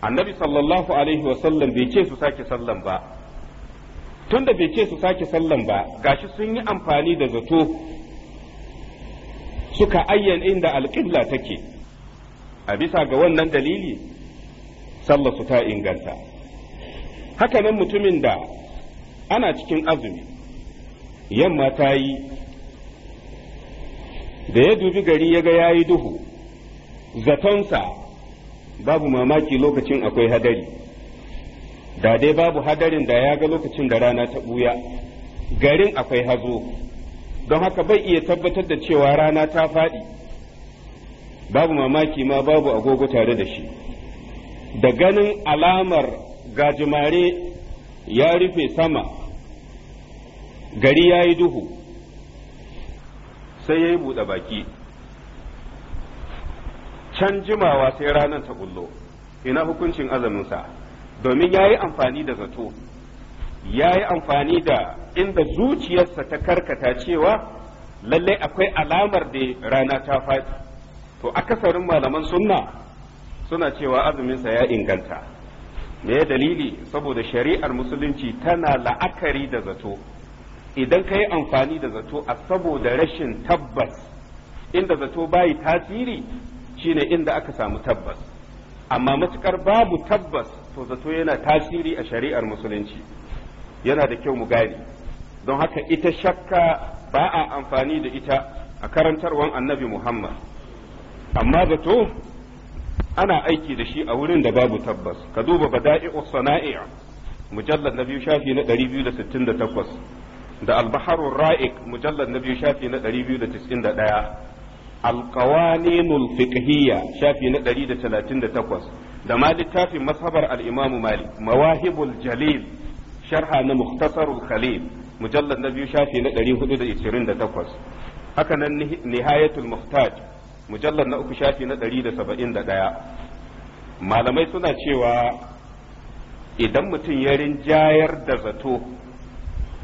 Speaker 1: annabi sallallahu alaihi wasallam bai ce su sake sallan ba tunda bai ce su sake sallan ba gashi sun yi amfani da zato suka ayyana inda alƙibla take a bisa ga wannan dalili sallar su ta inganta hakanan mutumin da ana cikin azumi yamma ta yi da ya dubi gari ya ga ya yi duhu zatonsa babu mamaki lokacin akwai hadari da dai babu hadarin da ya ga lokacin da rana ta ɓuya garin akwai hazo don haka bai iya tabbatar da cewa rana ta faɗi babu mamaki ma babu agogo tare da shi da ganin alamar gajimare ya rufe sama gari ya yi duhu sai ya yi buɗe baki can jimawa sai ranar ta bullo ina hukuncin azaminsa domin ya yi amfani da zato ya yi amfani da inda zuciyarsa ta karkata cewa lallai akwai alamar da rana ta faɗi to akasarin malaman sunna suna cewa azuminsa ya inganta me dalili saboda shari'ar musulunci tana la'akari da zato idan ka yi amfani da zato a saboda rashin tabbas inda zato bayi tasiri shine inda aka samu tabbas amma matukar babu tabbas to zato yana tasiri a shari'ar musulunci yana da kyau mu gane don haka ita shakka ba a amfani da ita a karantarwan annabi muhammad amma zato ana aiki da shi a wurin da babu tabbas ka duba bada'i'us sana'i' mujallad na biyu shafi na 268 da albaharun ra'ik mujallar na biyu shafi na 291 alkawaninul fiqhiyya shafi na 138 da ma littafin mashabar al-imam malik mawahibul jalil sharha na mukhtasarul khalil mujallad na biyu shafi na 428 haka nan nihayatul muhtaj mujallar na uku shafi na 171 malamai suna cewa idan mutum ya rinjayar da zato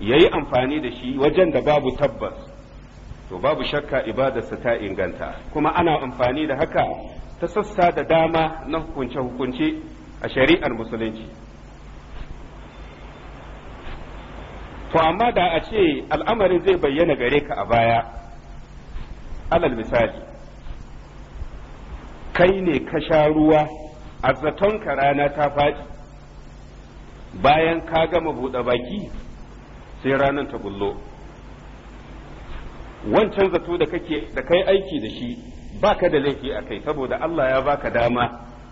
Speaker 1: Yayi amfani da shi wajen da babu tabbas to babu shakka ibadarsa ta inganta kuma ana amfani da haka ta sassa da dama na hukunce-hukunce a shari'ar musulunci to amma da a ce al'amarin zai bayyana gare ka a baya alal misali kai ne ka sha ruwa a zaton ka rana ta faɗi bayan ka gama buɗe baki sai ranar ta bullo wancan zato da kake da kai aiki da shi baka da laifi a kai saboda Allah ya baka dama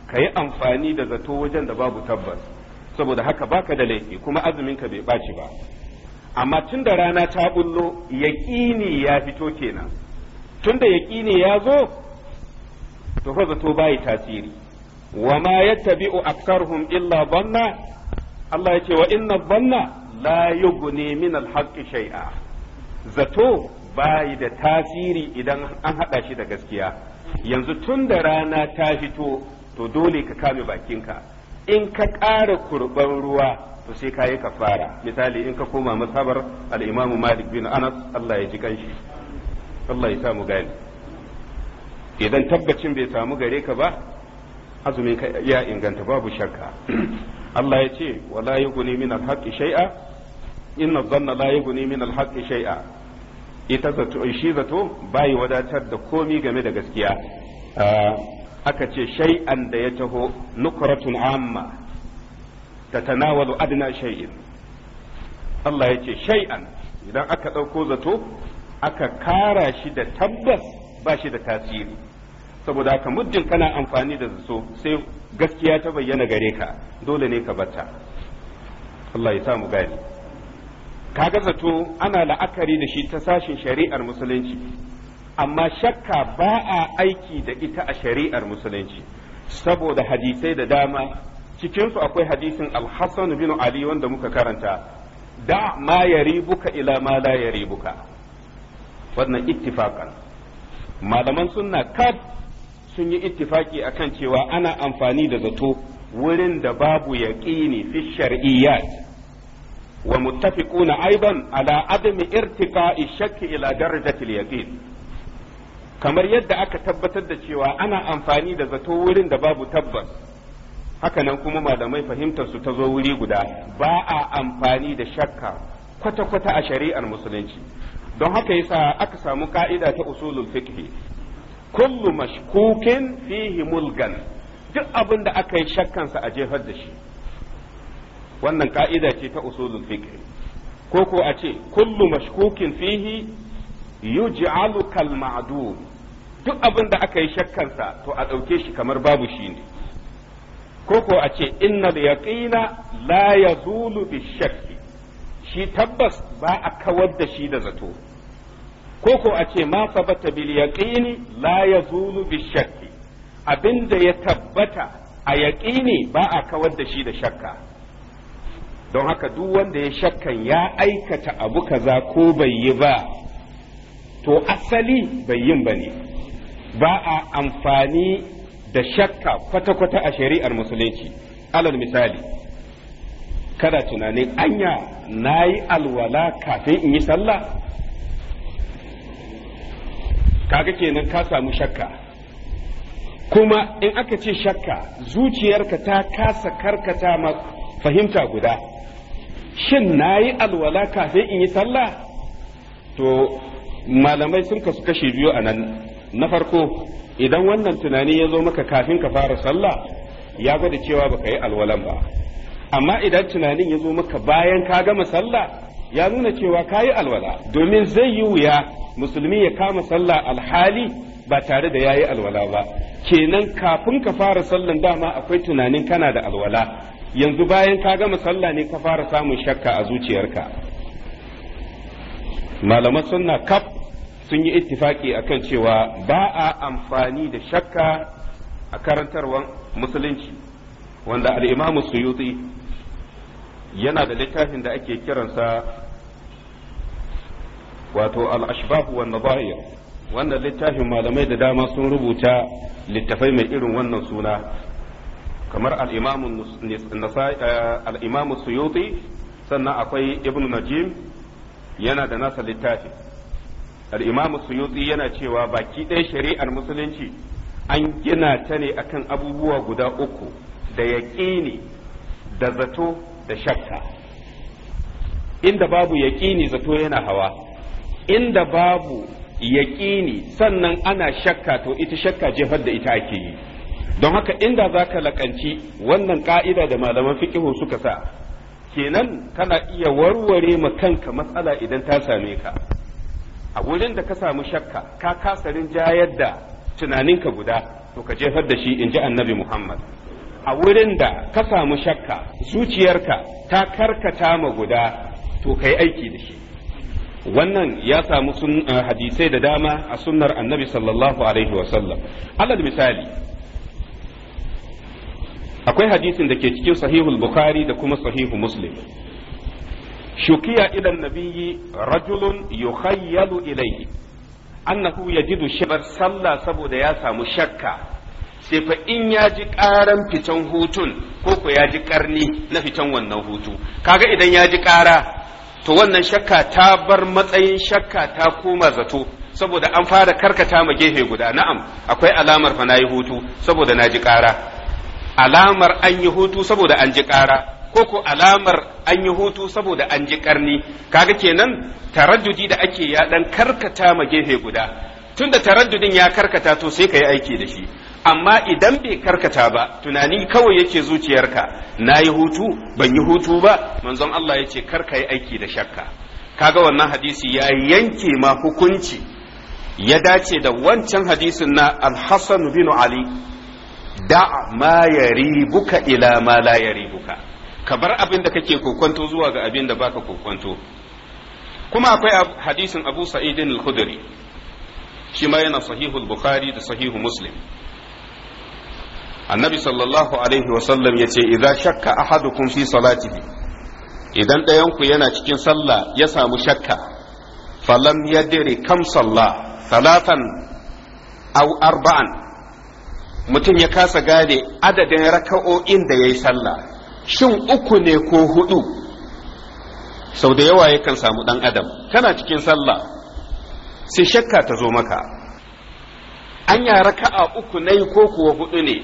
Speaker 1: ka yi amfani da zato wajen da babu tabbas saboda haka baka da laifi kuma azumin ka bai ɓaci ba amma tun da rana ta bullo yaƙini ya fito kenan tun da yaƙini ya zo to fa zato bai tasiri wa ma yattabi'u aktharuhum illa dhanna Allah ya ce wa inna dhanna la yughni min al shay'a zato bayi da tasiri idan an hada shi da gaskiya yanzu tun da rana ta fito to dole ka kame bakinka in ka ƙara kurban ruwa to sai ka yi kafara misali in ka koma masabar al malik bin anas Allah ya ji kanshi Allah ya samu gani idan tabbacin bai samu gare ka ba azumin ka ya inganta babu shakka Allah ya ce wala yughni min al shay'a inna zanna la yughni min al shay'a ita zato shi zato bai wadatar da komi game da gaskiya aka ce shay'an da ya taho nukratun amma tatanawalu adna shay'in Allah ya ce shay'an idan aka ɗauko zato aka kara shi da tabbas ba shi da tasiri saboda aka muddin kana amfani da zato sai gaskiya ta bayyana gare ka dole ne ka bata Allah ya samu gani kaga zato ana la'akari da shi ta sashin shari'ar musulunci amma shakka ba a aiki da ita a shari'ar musulunci saboda hadisai da dama cikinsu akwai hadisin alhassan bin ali wanda muka karanta da ma yaribuka ila ma la yaribuka wannan ittifaqan malaman sunna kad sun yi ittifaki akan cewa ana amfani da zato wurin da babu yaqini fi shar'iyyat wa muttafiquna aiban ala adami irtiqa'i shakki ila darajati kamar yadda aka tabbatar da cewa ana amfani da zato wurin da babu tabbas hakanan kuma malamai fahimtar su ta zo wuri guda ba a amfani da shakka kwata-kwata a shari'ar musulunci don haka yasa aka samu ka'ida ta usulul fiqh kullu mashkukin fihi mulgan duk abin da aka yi shakkansa a jefar da shi wannan ka'ida ce ta usulul fiqh ko ko a ce kullu mashkukin fihi yuj'alu kal ma'dum duk abin da aka yi shakkansa to a ɗauke shi kamar babu shi ne ko ko a ce innal yaqina la yazulu bishakki shi tabbas ba a kawar da shi da zato ko ko a ce ma sabata bil yaqini la yazulu bishakki abinda ya tabbata a yaqini ba a kawar da shi da shakka don haka duk wanda ya shakkan ya aikata abu kaza ko bai yi ba to asali bai yin ba ne ba a amfani da shakka kwata-kwata a shari'ar musulunci alal misali kada tunanin anya na yi alwala kafin in yi sallah kaga kenan ka samu shakka kuma in aka ce shakka zuciyarka ta kasa karkata ma fahimta guda shin na yi alwala kafin in yi sallah to malamai sun kasu kashi biyu a nan na farko idan wannan tunani ya zo maka kafin ka fara sallah ya gwada cewa baka yi alwalan ba amma idan tunanin ya zo maka bayan ka gama sallah ya nuna cewa ka yi alwala domin zai yi wuya musulmi ya kama sallah alhali ba tare da ya yi alwala ba kenan kafin ka fara sallan dama akwai tunanin kana da alwala yanzu bayan ka gama sallah ne ka fara samun shakka a zuciyarka malaman sunna kaf sun yi ittifaki akan cewa ba a amfani da shakka a karantarwar musulunci wanda al'imamu suyuti yana da littafin da ake kiransa wato al'ashbahu wa nabayir wannan littafin malamai da dama sun rubuta littafai mai irin wannan suna kamar al'imamu eh, suyuti sannan akwai ibn najim yana da nasa littafi al'imamu suyuti yana cewa baki ɗaya shari'ar musulunci an gina ta ne akan abubuwa guda uku da yaƙini da zato da shakka inda babu yaƙini zato yana hawa inda babu yaƙini sannan ana shakka to ita shakka jefar da ita ake yi don haka inda za ka laƙanci wannan ƙa'ida da malaman fiƙihu suka sa kenan kana iya warware ma kanka matsala idan ta same ka a wurin da ka samu shakka ka kasa jayar da tunaninka guda to ka jefar da shi in ji annabi muhammad a wurin da ka samu shakka zuciyarka ta karkata ma guda to ka yi aiki da shi wannan ya samu eh, hadisai da dama a sunnar annabi sallallahu alaihi wasallam alal misali akwai hadisin da ke cikin sahihul bukhari da kuma sahihu muslim shukiya idan nabiyyi rajulun yukhayyalu ilayhi annahu yajidu shibar sallah saboda ya samu shakka sai fa in ya ji ƙaran fitan hutun ko ko ya ji ƙarni na fitan wannan hutu kaga idan ya ji ƙara to wannan shakka ta bar matsayin shakka ta koma zato saboda an fara karkata ma gefe guda na'am akwai alamar fa nayi hutu saboda na ji ƙara alamar an yi hutu saboda an ji ƙara ko ko alamar an yi hutu saboda an ji ƙarni kaga kenan taraddudi da ake ya dan karkata ma gefe guda tunda taraddudin ya karkata to sai ka yi aiki da shi amma idan bai karkata ba tunani kawai yake zuciyarka na yi hutu ban yi hutu ba manzon Allah ya ce kar ka yi aiki da shakka kaga wannan hadisi ya yanke ma hukunci ya dace da wancan hadisin na al hasan bin Ali da ma yaribuka ila ma la yaribuka ka bar abin da kake kokonto zuwa ga abin da baka kokonto kuma akwai hadisin Abu Sa'id al-Khudri yana sahihul Bukhari da sahihu Muslim annabi sallallahu alaihi wasallam ya ce idan shakka ahadukum fi salatihi idan ɗayanku yana cikin sallah ya samu shakka falam yadri kam sallah salatan aw arba'an mutum ya kasa gane adadin raka'o'in da ya yi sallah shin uku ne ko hudu sau da yawa yakan samu ɗan adam kana cikin sallah sai shakka ta zo maka anya raka'a uku na yi ko kuwa hudu ne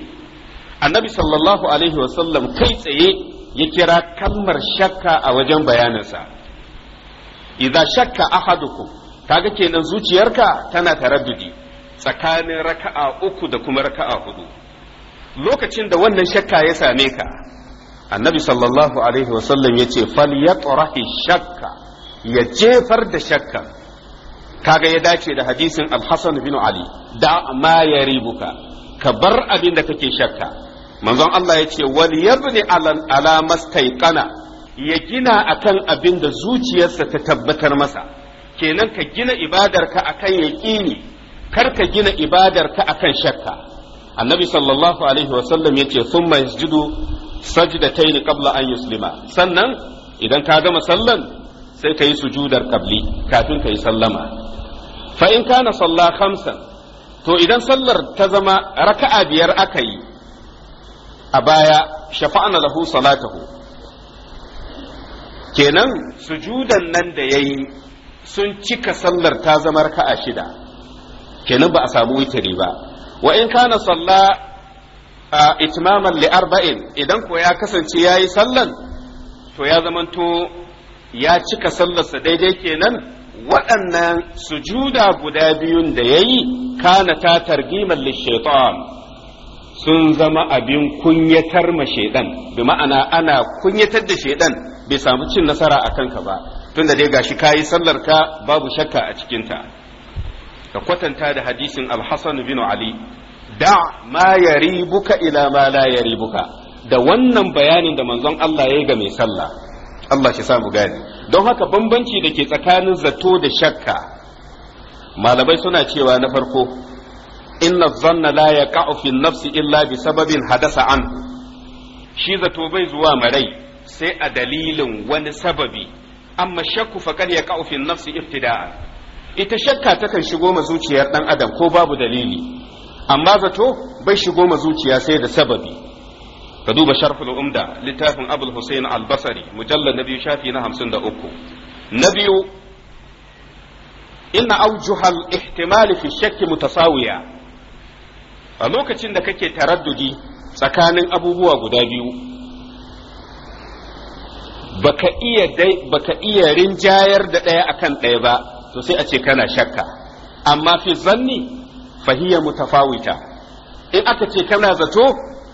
Speaker 1: annabi sallallahu alaihi wasallam kai tsaye ya kira kalmar shakka a wajen bayaninsa idza shakka ahadukum kaga kenan zuciyarka tana taraddudi tsakanin raka'a uku da kuma raka'a hudu lokacin da wannan shakka ya same ka annabi sallallahu alaihi wasallam ya ce fal ya shakka ya jefar da shakka kaga ya dace da hadisin alhassan bin ali da ma ya ribuka ka bar abin da kake shakka manzon Allah ya ce wal yabni ala mastaiqana ya gina akan abin da zuciyarsa ta tabbatar masa kenan ka gina ibadarka akan yaqini karka gina ibadarka akan shakka annabi sallallahu alaihi wasallam yace thumma yasjudu sajdatayn qabla an yuslima sannan idan ka gama sallan sai ka yi sujudar qabli kafin ka yi sallama fa in kana salla khamsan to idan sallar ta zama raka'a biyar aka yi a baya shafa'ana lahu salatahu kenan sujudan nan da yayi sun cika sallar ta zama raka'a shida kenan ba a samu witiri ba wa in kana salla a li arba'in idan ko ya kasance yayi sallan to ya zamanto ya cika sallarsa daidai kenan waɗannan sujuda guda biyun da ya yi kana ta targiman lishaitan sun zama abin kunyatar ma shaidan bi ma'ana ana kunyatar da shaidan bai samu cin nasara a kanka ba tunda dai gashi yi sallar ka babu shakka a cikinta ka kwatanta da hadisin AlHassan hasan bin ali da ma yaribuka ila ma la da wannan bayanin da manzon Allah ya yi ga mai sallah Allah shi samu gani don haka bambanci da ke tsakanin zato da shakka malamai suna cewa na farko inna zanna la yaqa'u fi nafsi illa bi sababin hadasa an shi zato bai zuwa marai sai a dalilin wani sababi amma shakku kan ya fi nafsi ibtida'an ita shakka takan shigo ma zuciyar dan adam ko babu dalili amma zato bai shigo ma zuciya sai da sababi ka duba sharhul umda littafin abul husayn al-basri mujallad na biyu shafi na 53 na biyu inna aujuhal ihtimali fi shakki mutasawiya a lokacin da kake taraddudi tsakanin abubuwa guda biyu baka iya baka iya rinjayar da ɗaya akan ɗaya ba to sai a ce kana shakka amma fi zanni fahiyya mutafawita in aka ce kana zato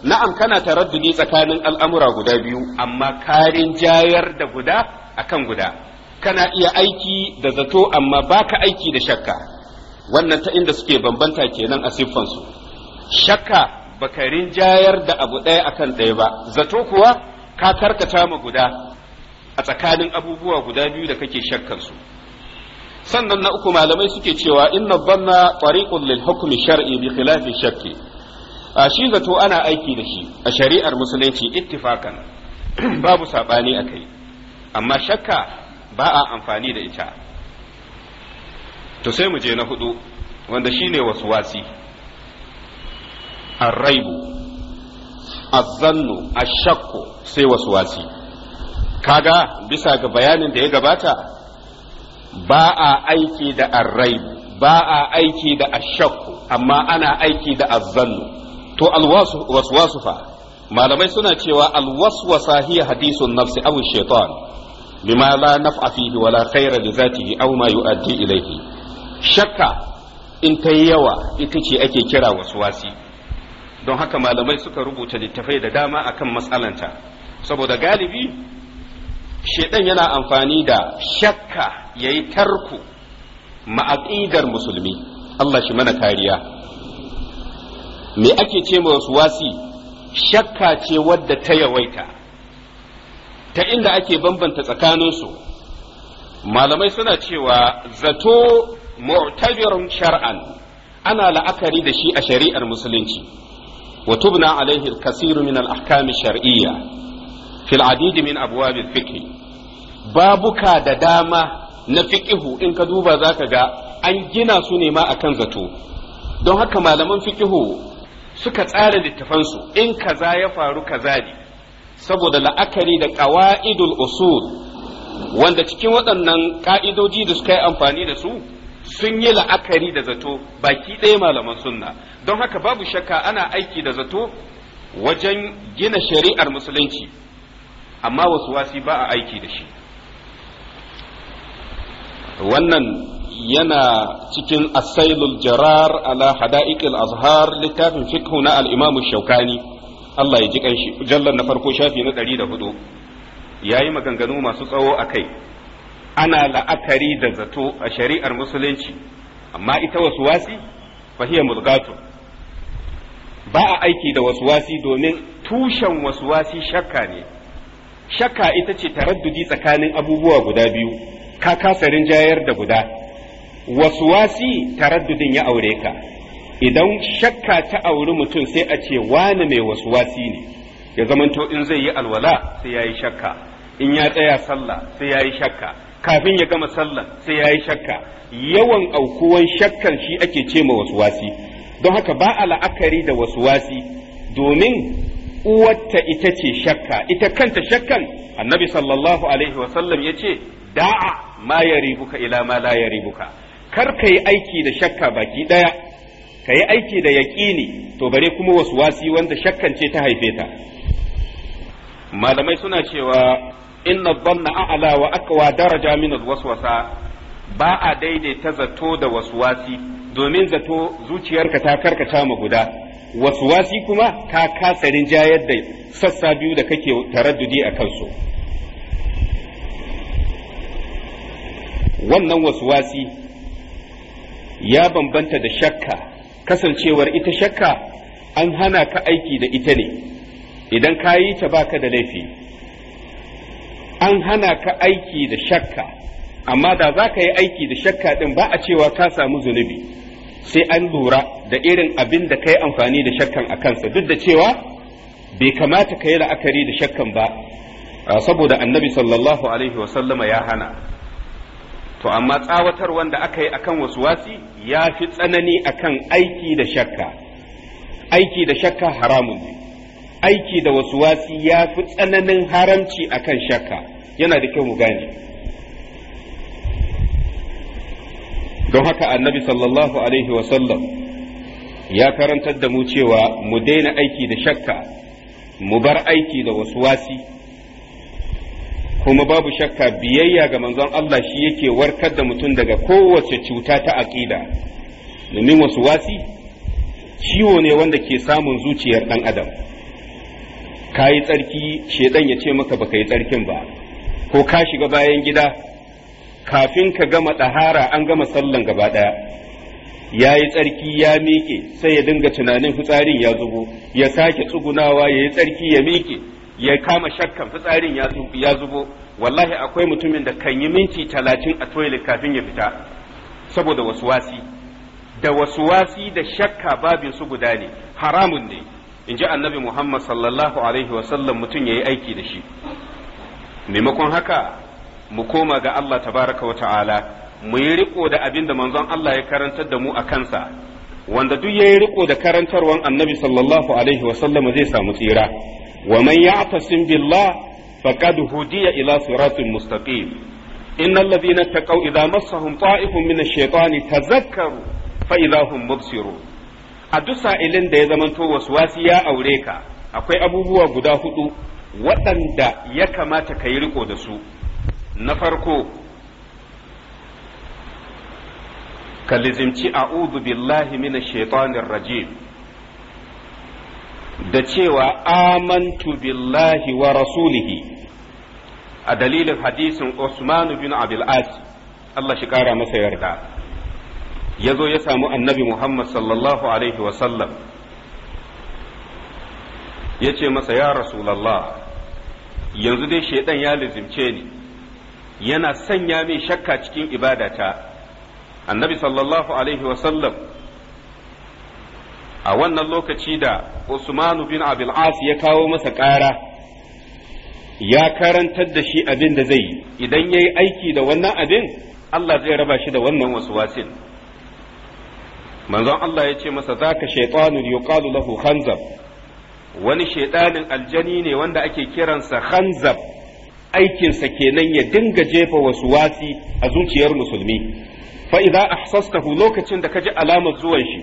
Speaker 1: na'am kana taraddudi tsakanin al'amura guda biyu amma karin jayar da guda akan guda kana iya aiki da zato amma baka aiki da shakka wannan ta inda suke bambanta kenan a siffansu shakka baka rinjayar da abu ɗaya akan ɗaya ba zato kuwa ka karkata ma guda a tsakanin abubuwa guda biyu da kake shakkansu su sannan na uku malamai suke cewa inna dhanna tariqun lil hukmi shar'i bi khilafi shakki a shi zato ana aiki da shi a shari'ar musulunci ittifakan babu sabani akai amma shakka ba a amfani da ita to sai mu je na hudu wanda shine waswasi arraibu azzannu ashakku sai Ka kaga bisa ga bayanin da ya gabata ba a aiki da arrai ba a aiki da ashakku amma ana aiki da azzannu to alwaswasu fa malamai suna cewa alwaswasa hiya hadisun nafsi aw shaitan bima la naf'a fihi wala khaira li zatihi aw ma yu'addi ilayhi shakka in ta yawa ita ce ake kira waswasi don haka malamai suka rubuta littafai da dama akan matsalanta saboda galibi shedan yana amfani da shakka yi tarku ma'aqidar musulmi Allah shi mana kariya me ake ce ma wasi shakka ce wadda ta yawaita ta inda ake bambanta tsakaninsu malamai suna cewa zato mu'tabirun shar'an ana la'akari da shi a shari'ar musulunci wa tubna alaihi kasiru kasir min al-ahkam shar'iyya fil adidi min abwabil fiqh babuka da dama na fiqihu in ka duba zaka ga an gina su ne ma akan zato don haka malaman fiqihu suka tsara su in kaza ya faru kaza ne saboda la'akari da qawaidul usul wanda cikin waɗannan ka'idoji da suka yi amfani da su sun yi la'akari da zato baki ɗaya malaman sunna don haka babu shakka ana aiki da zato wajen gina shari'ar musulunci amma wasu wasi ba a aiki da shi wannan yana cikin asailul jarar ala hada'iqil azhar littafin fikhu na al-imam shaukani Allah ya ji kanshi jallar na farko shafi na 104 yayi maganganu masu tsawo a kai. ana la'akari da zato a shari'ar musulunci amma ita wasuwasi fahiyar mulgatu ba a aiki da wasu wasi domin tushen wasu wasi shakka ne shakka ita ce taraddudi tsakanin abubuwa guda biyu ka kasa rinjayar da guda Wasu wasi taraddudin ya aure ka idan shakka ta auri mutum sai a ce wani mai wasu wasi ne ya zamanto in zai yi alwala sai ya yi shakka in ya tsaya sallah sai ya yi shakka kafin ya gama sallah sai ya yi shakka yawan aukuwan shakkan shi ake ce ma wasu wasi. don haka ba a la'akari da wasu wasi domin uwarta ita ce shakka ita kanta shakkan annabi sallallahu alaihi wasallam ya ce da'a ma ya ribuka ila ma la ya ribuka kar ka yi aiki da shakka baki ɗaya ka yi aiki da yaƙini to bare kuma wasu wasi wanda shakkan ce ta haife ta malamai suna cewa inna dhanna a'la wa aqwa daraja min alwaswasa ba a daidaita zato da waswasi domin zato zuciyarka ta karkata ma guda Wasu wasi kuma ka kasa rinjayar da sassa biyu da kake taraddudi a kansu wannan wasu wasi ya bambanta da shakka kasancewar ita shakka an hana ka aiki da ita ne idan ka yi ta baka da laifi an hana ka aiki da shakka amma da za ka yi aiki da shakka ɗin, ba a cewa ka samu zunubi sai an lura da irin abin da kai amfani da shakkan a kansa duk da cewa bai kamata ka yi la'akari da shakkan ba saboda annabi sallallahu alaihi wasallama ya hana to amma tsawatar wanda aka yi akan wasu wasi ya fi tsanani akan aiki da shakka aiki da shakka haramun ne aiki da wasu wasi ya fi tsananin haramci akan shakka yana da kyau mu gane don haka annabi sallallahu alaihi wasallam ya karantar da mu cewa mu daina aiki da shakka mu bar aiki da wasu wasi kuma babu shakka biyayya ga manzon Allah shi yake warkar da mutum daga kowace cuta ta aƙida domin wasu wasi ciwo ne wanda ke samun zuciyar ɗan adam ka yi tsarki shedan ya ce maka baka yi tsarkin ba ko ka shiga bayan gida kafin ka gama ɗahara an gama sallan gaba ɗaya ya yi tsarki ya miƙe sai ya dinga tunanin fitsarin ya zubo ya sake tsugunawa ya yi tsarki ya miƙe ya kama shakkan fitsarin ya zubo wallahi akwai mutumin da kan yi minti talatin a toilet kafin ya fita saboda wasu wasi. da wasu wasi da shakka babin su guda ne haramun ne in ji annabi muhammad sallallahu alaihi wasallam mutum ya yi aiki da shi maimakon haka mu koma ga Allah tabaraka wa ta'ala mu yi riko da abin da manzon Allah ya karantar da mu a kansa wanda duk yayi riko da karantarwan annabi sallallahu alaihi wa sallam zai samu tsira wa man ya'tasim billah faqad hudiya ila siratin mustaqim innal na taqaw idza massahum ta'ifun min ash-shaytani tazakkaru fa idza hum mubsirun a duk sa'ilin da ya zamanto wasu ya aure ka akwai abubuwa guda hudu waɗanda ya kamata ka yi riko da su na farko ka lizimci a'udhu billahi minash shaitanir rajim da cewa amantu billahi wa rasulihi a dalilin hadisin Usman bin Abil Allah shi kara masa yarda ya zo ya samu annabi Muhammad sallallahu alaihi wasallam ya ce masa ya rasulallah yanzu dai shaidan ya lizimce ni yana sanya min shakka cikin ibadata annabi sallallahu alaihi wasallam a wannan lokaci da usmanu bin abil ya kawo masa ƙara ya karantar da shi abin da zai yi idan ya yi aiki da wannan abin allah zai raba shi da wannan wasu wasin manzon allah ya ce masa za ka shaitanun yuqalu lahu khanzab wani shaidanin aljani ne wanda ake kiransa khanzab aikinsa kenan ya dinga jefa wasu wasi a zuciyar musulmi fa idza ahsastahu lokacin da kaji alamar zuwan shi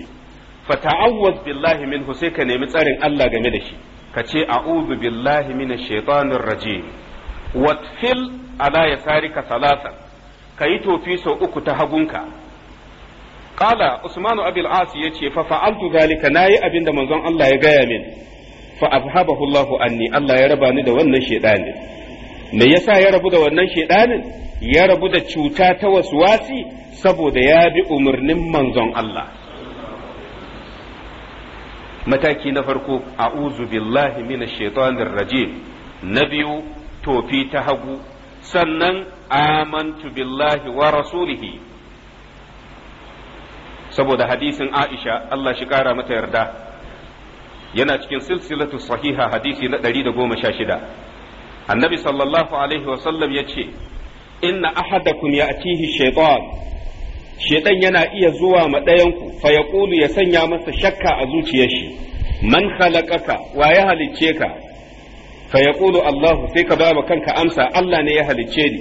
Speaker 1: fa ta'awwaz billahi minhu sai ka nemi tsarin Allah game da shi ka ce a'udhu billahi minash shaitanir rajim watfil ala yasarika salasan kayi tofi sau uku ta hagunka Kala usmanu abil as yace fa fa'altu na yi abinda manzon Allah ya gaya min fa azhabahu Allahu anni Allah ya raba ni da wannan shaytanin me yasa ya rabu da wannan shedanin ya rabu da cuta ta waswasi saboda ya bi umarnin manzon Allah mataki na farko a'udhu billahi minash shaitanir rajim na biyu tofi ta hagu sannan amantu billahi wa rasulihi saboda hadisin Aisha Allah shi kara mata yarda yana cikin silsilatu sahiha hadisi na 116 annabi sallallahu alaihi wasallam ya ce inna ahadakum ya atihi shaitan shaitan yana iya zuwa ma ɗayanku fa ya sanya masa shakka a zuciyar shi man khalaqaka wa ya halicce ka fa Allahu sai ka ba kanka amsa Allah ne ya halicce ni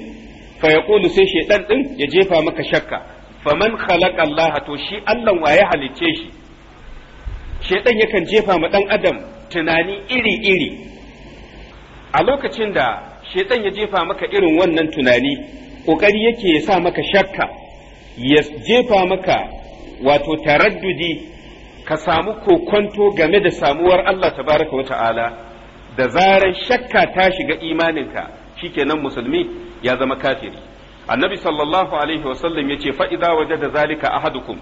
Speaker 1: fa sai shaitan ɗin ya jefa maka shakka fa man khalaqa Allah to shi Allah wa ya halicce shi shaitan yakan jefa ma dan adam tunani iri iri a lokacin da shaitan ya jefa maka irin wannan tunani ƙoƙari yake ya sa maka shakka ya jefa maka wato taraddudi ka samu kokonto game da samuwar Allah tabaraka wa ta'ala da zaran shakka ta shiga imaninka shikenan musulmi ya zama kafiri annabi sallallahu alaihi wasallam ya ce fa'iza waje da zalika ahadukum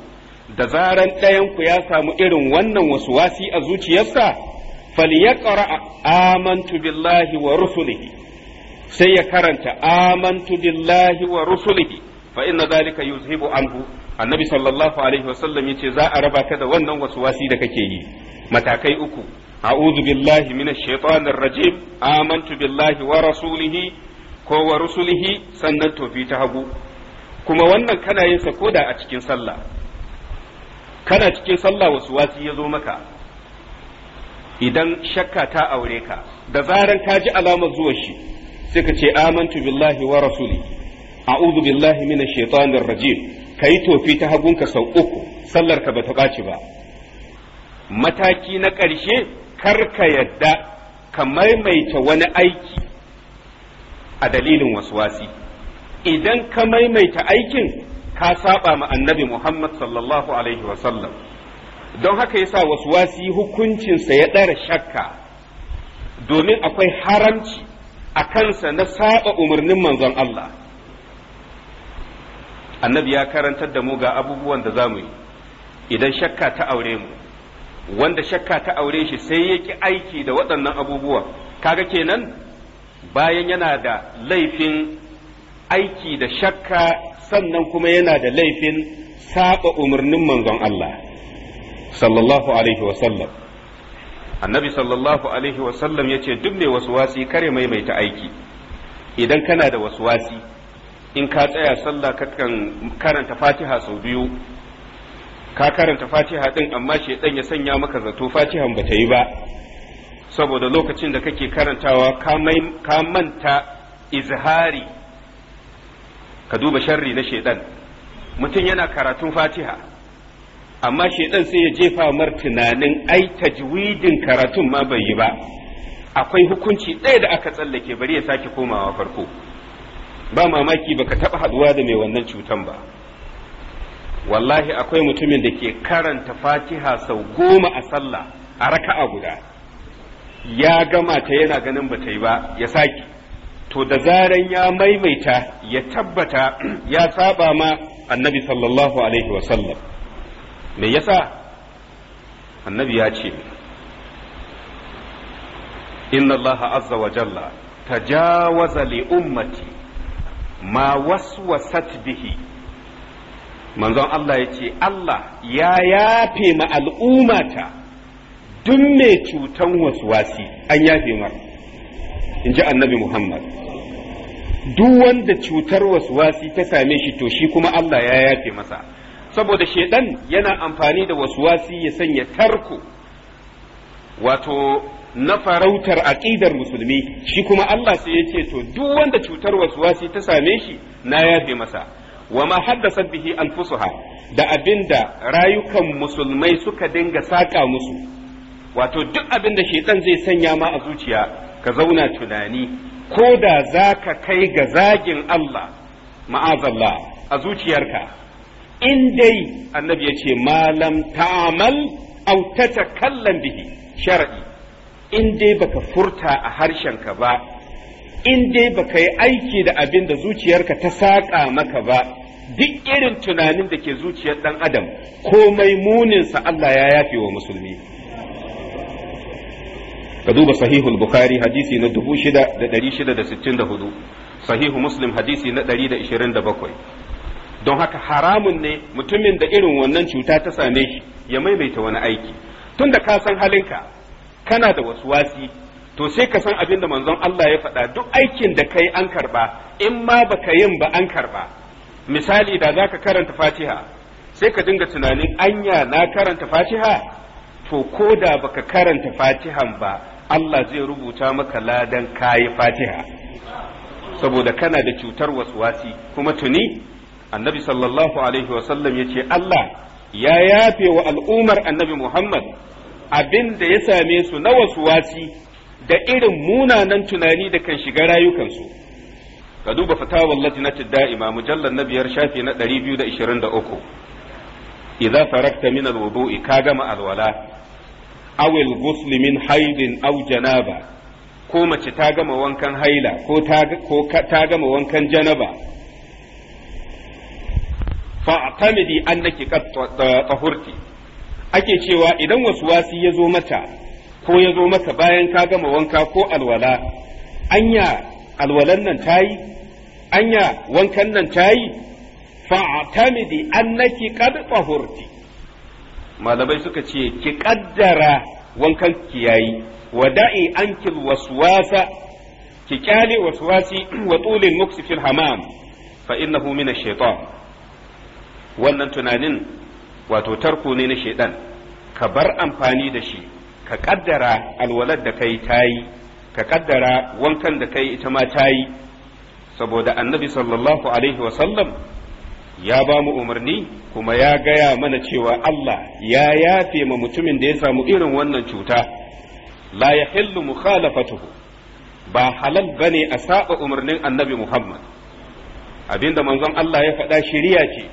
Speaker 1: da zaran ɗayanku ya samu irin wannan wasu wasi a zuciyarsa falyaqra amantu billahi wa sai ya karanta amantu billahi wa rusulihi fa inna zalika yuzhibu anhu annabi sallallahu alaihi wasallam yace za a raba ka da wannan wasi da kake yi matakai uku a'udhu billahi minash shaitanir rajim amantu billahi wa rasulihi ko wa sannan tofi ta hagu kuma wannan kana yin sa koda a cikin sallah kana cikin sallah wasu wasi ya zo maka idan shakka ta aure ka da zaran ka ji alamar zuwa shi sai ka ce amantu billahi wa rasuli a'udhu billahi minash shaitanir rajim kai tofi ta hagunka sau uku sallar ka bata baci ba mataki na ƙarshe kar ka yadda ka maimaita wani aiki a dalilin waswasi idan ka maimaita aikin ka saba ma annabi Muhammad sallallahu alaihi wa sallam don haka yasa wasi hukuncinsa ya ɗara shakka domin akwai haramci a kansa na saba umarnin manzon Allah annabi ya karantar da mu ga abubuwan da zamu yi idan shakka ta aure mu wanda shakka ta aure shi sai ya ki aiki da waɗannan abubuwa kaga kenan bayan yana da laifin aiki da shakka sannan kuma yana da laifin saba umarnin manzon Allah sallallahu alaihi sallam. annabi sallallahu alaihi wasallam ya ce duk ne wasu wasi kare maimaita aiki idan kana da wasu wasi in ka tsaya sallah kakan karanta fatiha sau biyu ka karanta fatiha din amma shedan ya sanya maka zato fatihan ba ta yi ba saboda lokacin da kake karantawa ka manta izhari ka duba sharri na shedan mutum yana karatun fatiha amma shaidan sai ya jefa mar tunanin ai tajwidin karatun ma bai yi ba akwai hukunci ɗaya da aka tsallake bari ya sake komawa farko ba mamaki baka taba haduwa da mai wannan cutan ba wallahi akwai mutumin da ke karanta fatiha sau goma a sallah a raka'a guda ya gama ta yana ganin bata yi ba ya sake to da zaran ya maimaita ya tabbata ya saba ma annabi sallallahu alaihi wa sallam. me yasa annabi ya ce inna Allah azza wa jalla tajawaza li ummati ma waswasat bihi manzon Allah ya ce Allah ya yafe ma al'ummata duk mai cutan waswasi an yafe ma in ji annabi Muhammad duk wanda cutar waswasi ta same shi to shi kuma Allah ya yafe masa saboda shedan yana amfani da waswasi ya sanya tarko wato na farautar aƙidar musulmi shi kuma Allah sai ya ce to duk wanda cutar waswasi ta same shi na yafe masa wa ma haddasa bihi anfusuha da abinda rayukan musulmai suka dinga saƙa musu wato duk abinda shedan zai sanya ma a zuciya ka zauna tunani ko da za ka kai ga zagin Allah ma'azallah a zuciyarka in dai annabi ya ce malam ta'amal aw tatakallam bihi shar'i in dai baka furta a harshenka ba in dai baka yi aiki da abin da zuciyarka ta saƙa maka ba duk irin tunanin da ke zuciyar ɗan adam komai muninsa Allah ya yafe wa musulmi ka duba sahihul bukhari hadisi na 6664 sahihu muslim hadisi na 127 don haka haramun ne mutumin da irin wannan cuta ta same shi ya maimaita wani aiki tun da ka san halinka kana da wasu wasi to sai ka san abin da manzon Allah ya faɗa duk aikin da kai an karba in ma baka yin ba an karba misali da za ka karanta fatiha sai ka dinga tunanin anya na karanta fatiha to ko da baka karanta fatihan ba Allah zai rubuta maka ladan kayi fatiha saboda kana da cutar waswasi kuma tuni annabi sallallahu alaihi wasallam ya ce Allah ya yafe wa al'ummar annabi Muhammad abin da ya same su na wasu wasi da irin munanan tunani da kan shiga rayukansu ka duba fatawar latinatid da'ima mujallar na biyar shafi na 223 idza farakta min alwudu'i ka gama alwala Awil alghusl haidin au janaba ko mace ta gama wankan haila ko ta gama wankan janaba fa'tamidi annaki qad tahurti ake cewa idan wasuwasi ya zo mata ko ya zo maka bayan ka gama wanka ko alwala anya alwalan nan tayi anya wankan nan tayi fa'tamidi annaki qad tahurti malamai suka ce ki kaddara wankan ki yayi wada'i ankil waswasa ki kyale waswasi wa tulin muksi fil hamam fa innahu min ash-shaytan wannan tunanin wato tarko ne na shaidan ka bar amfani da shi ka kaddara alwalar da kai tayi ka kaddara wankan da kai ita ma tayi saboda annabi sallallahu alaihi wasallam ya ba mu umarni kuma ya gaya mana cewa Allah ya yafe ma mutumin da ya samu irin wannan cuta la yahillu mukhalafatuhu ba halal bane a saba umarnin annabi Muhammad abinda manzon Allah ya faɗa shiriya ce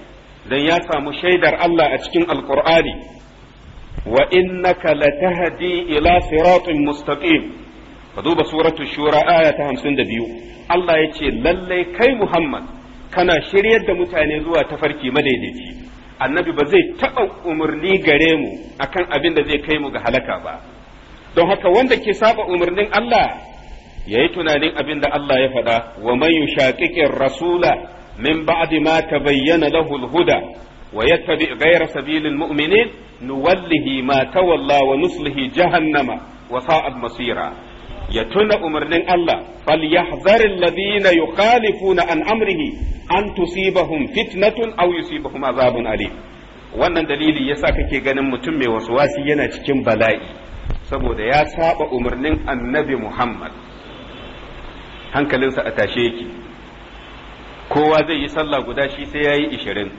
Speaker 1: dan ya samu shaidar Allah a cikin alkur'ani wa innaka latahdi ila siratin mustaqim ka duba suratul shura aya ta 52 Allah ya ce lallai kai Muhammad kana shiryar da mutane zuwa tafarki madaidaici annabi ba zai taɓa umarni gare mu akan abin da zai kai mu ga halaka ba don haka wanda ke saba umarnin Allah ya yi tunanin abin da Allah ya faɗa wa man yushaqiqir rasula min ba'di ma ta bayyana al wa yattabi ghayra sabili al-mu'minin nuwallihi ma tawalla wa nuslihi jahannama wa sa'at masira ya tuna umarnin Allah falyahzari alladhina na an amrihi an tusibahum fitnatun aw yusibahum azabun alim wannan dalili yasa kake ganin mutum mai wasu wasi yana cikin bala'i saboda ya saba umarnin annabi Muhammad hankalinsa a tashe yake kowa zai yi sallah guda shi sai ya yi ishirin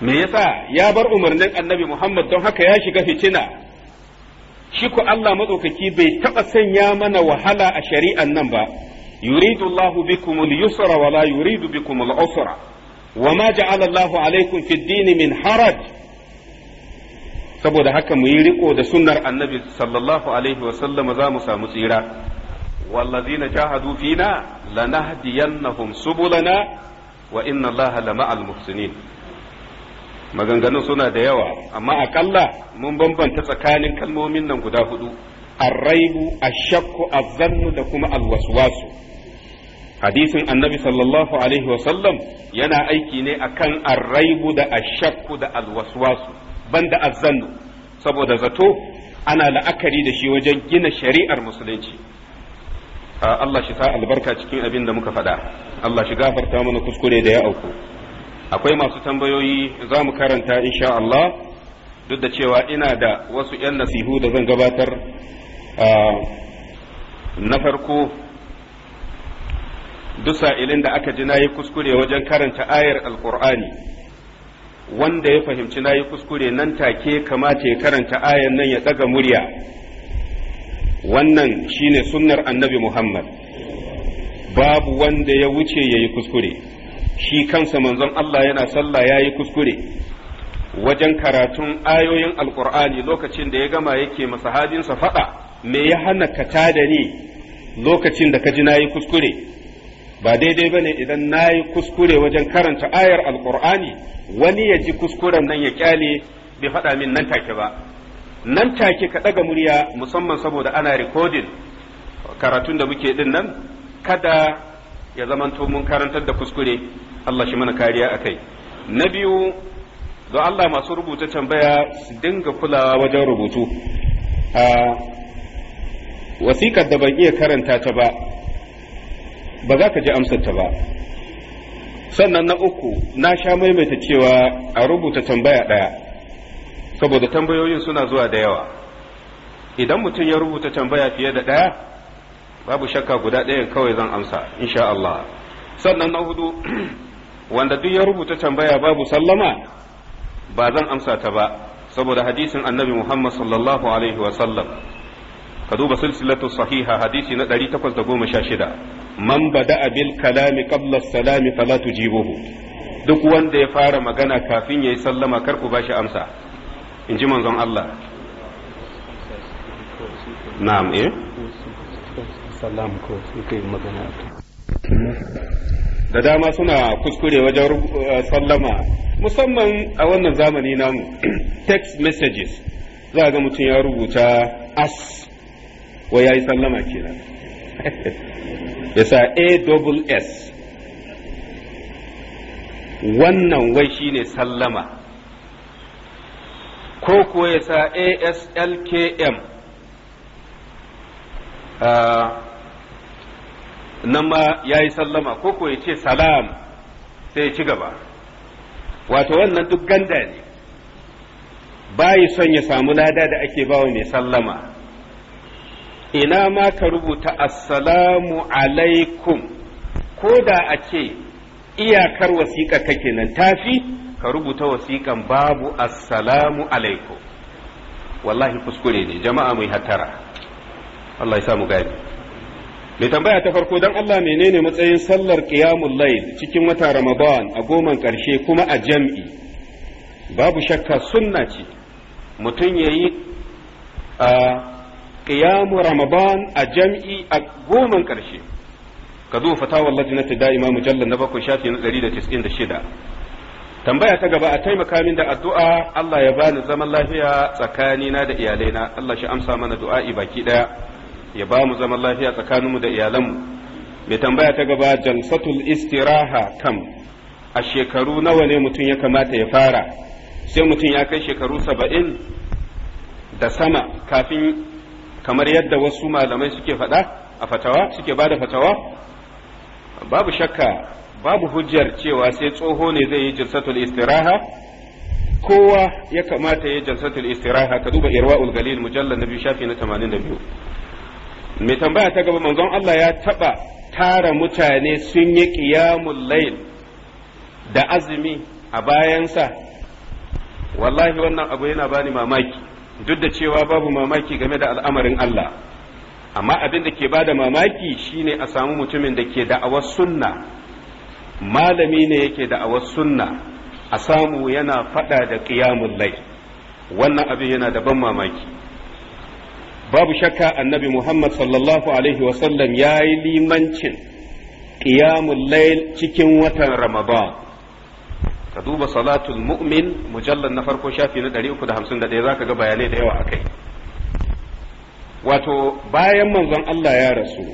Speaker 1: me yasa ya bar umarnin annabi muhammad don haka ya shiga fitina Shiku allah matsaukaki bai taɓa sanya mana wahala a shari'ar nan ba yuridu allahu bikum yusra wa la yuridu bikum al-usra wa ma ja'ala allahu min haraj saboda haka mu yi riko da sunnar annabi sallallahu alaihi wa sallam za mu samu tsira والذين جاهدوا فينا لنهدينهم سبلنا وإن الله لمع المحسنين maganganun suna da yawa amma aƙalla mun bambanta tsakanin kalmomin nan guda hudu arraibu ashaku azzannu da kuma alwaswasu hadisin annabi sallallahu alaihi wasallam yana aiki ne akan arraibu da ashakku da alwaswasu banda azzannu saboda zato ana la'akari da shi wajen gina shari'ar musulunci Allah shi sa albarka cikin abin da muka faɗa Allah shi gafarta mana kuskure da ya auku akwai masu tambayoyi za mu karanta insha Allah duk da cewa ina da wasu 'yan nasihu da zan gabatar na farko duk sa'ilin da aka ji na yi kuskure wajen karanta ayar alkur'ani wanda ya fahimci na yi kuskure nan take kamata ya karanta ayar nan ya ɗaga murya wannan shine sunnar annabi Muhammad babu wanda ya wuce ya yi kuskure shi kansa manzon Allah yana sallah ya yi kuskure wajen karatun ayoyin alkur'ani lokacin da ya gama yake masahabinsa faɗa me ya hana ka tada ni lokacin da ka ji na yi kuskure ba daidai ba ne idan na yi kuskure wajen karanta ayar alkur'ani wani ya ji kuskuren nan ya kyale bai faɗa min nan take ba nan take ka ɗaga murya musamman saboda ana rikodin karatun da muke din nan kada ya zamanto mun karantar da kuskure Allah shi mana kariya a kai na biyu ga Allah masu rubuta tambaya su dinga kulawa wajen rubutu a wasiƙar da ban iya karanta ta ba ba za ka ji amsar ta ba sannan na uku na sha maimaita cewa a rubuta tambaya ɗaya saboda tambayoyin suna zuwa da yawa idan mutum ya rubuta tambaya fiye da ɗaya babu shakka guda ɗayan kawai zan amsa insha Allah sannan na hudu wanda duk ya rubuta tambaya babu sallama ba zan amsa ta ba saboda hadisin annabi Muhammad sallallahu alaihi wa sallam ka duba silsilatu sahiha hadisi na 816 man bada'a bil kalami qabla salami fala tujibuhu duk wanda ya fara magana kafin yayi sallama kar ku bashi amsa in ji manzon Allah na'am eh salam ko suka magana da dama suna kuskure wajen eh, sallama musamman a wannan zamani namu text messages za ga mutum ya rubuta as wa ya yi sallama kenan ya sa a s wannan wai shine sallama ko kuwa ya sa aslkm ah, nan ma ya yi sallama ko kuwa ya ce salam sai ya ci gaba wato wannan duk ganda ne bayi son ya samu lada da ake bawa mai sallama ina ma ka rubuta assalamu alaikum ko da a ce iyakar wasiƙa kake nan tafi ka rubuta wasiƙan babu assalamu alaikum wallahi kuskure ne jama'a mai hatara Allah ya samu gani mai tambaya ta farko dan Allah menene matsayin sallar qiyamul layl cikin wata ramadan a goman karshe kuma a jam'i babu shakka sunna ce mutum yayi a qiyamu ramadan a jam'i a goman karshe ka zo fatawar lajnati da'ima mujallal na bakwai shafi na 196 tambaya ta gaba a taimaka min da addu'a Allah ya bani zaman lafiya tsakanina da iyalaina Allah shi amsa mana du'a'i baki daya ya ba mu zaman lafiya tsakaninmu da iyalanmu mai tambaya ta gaba jalsatul istiraha kam a shekaru nawa ne mutum ya kamata ya fara sai mutum ya kai shekaru saba'in da sama kafin kamar yadda wasu malamai suke faɗa a fatawa suke ba fatawa babu shakka babu hujjar cewa sai tsoho ne zai yi jalsatul istiraha kowa ya kamata ya yi jalsatul istiraha ka duba irwaul galil mujallal na biyu shafi na 82 mai tambaya ta gaba manzon Allah ya taba tara mutane sun yi qiyamul layl da azumi a bayansa wallahi wannan abu yana bani mamaki duk da cewa babu mamaki game da al'amarin Allah amma abin da ke bada mamaki shine a samu mutumin da ke da'awar sunna malami ne yake da awas sunna a samu yana fada da qiyamul lai. wannan abin yana da ban mamaki babu shakka annabi Muhammad sallallahu alaihi wasallam ya yi limancin qiyamul layl cikin watan Ramadan ka duba salatul mu'min mujallar na farko shafi na 351 zaka ga bayanai da yawa akai wato bayan manzon Allah ya rasu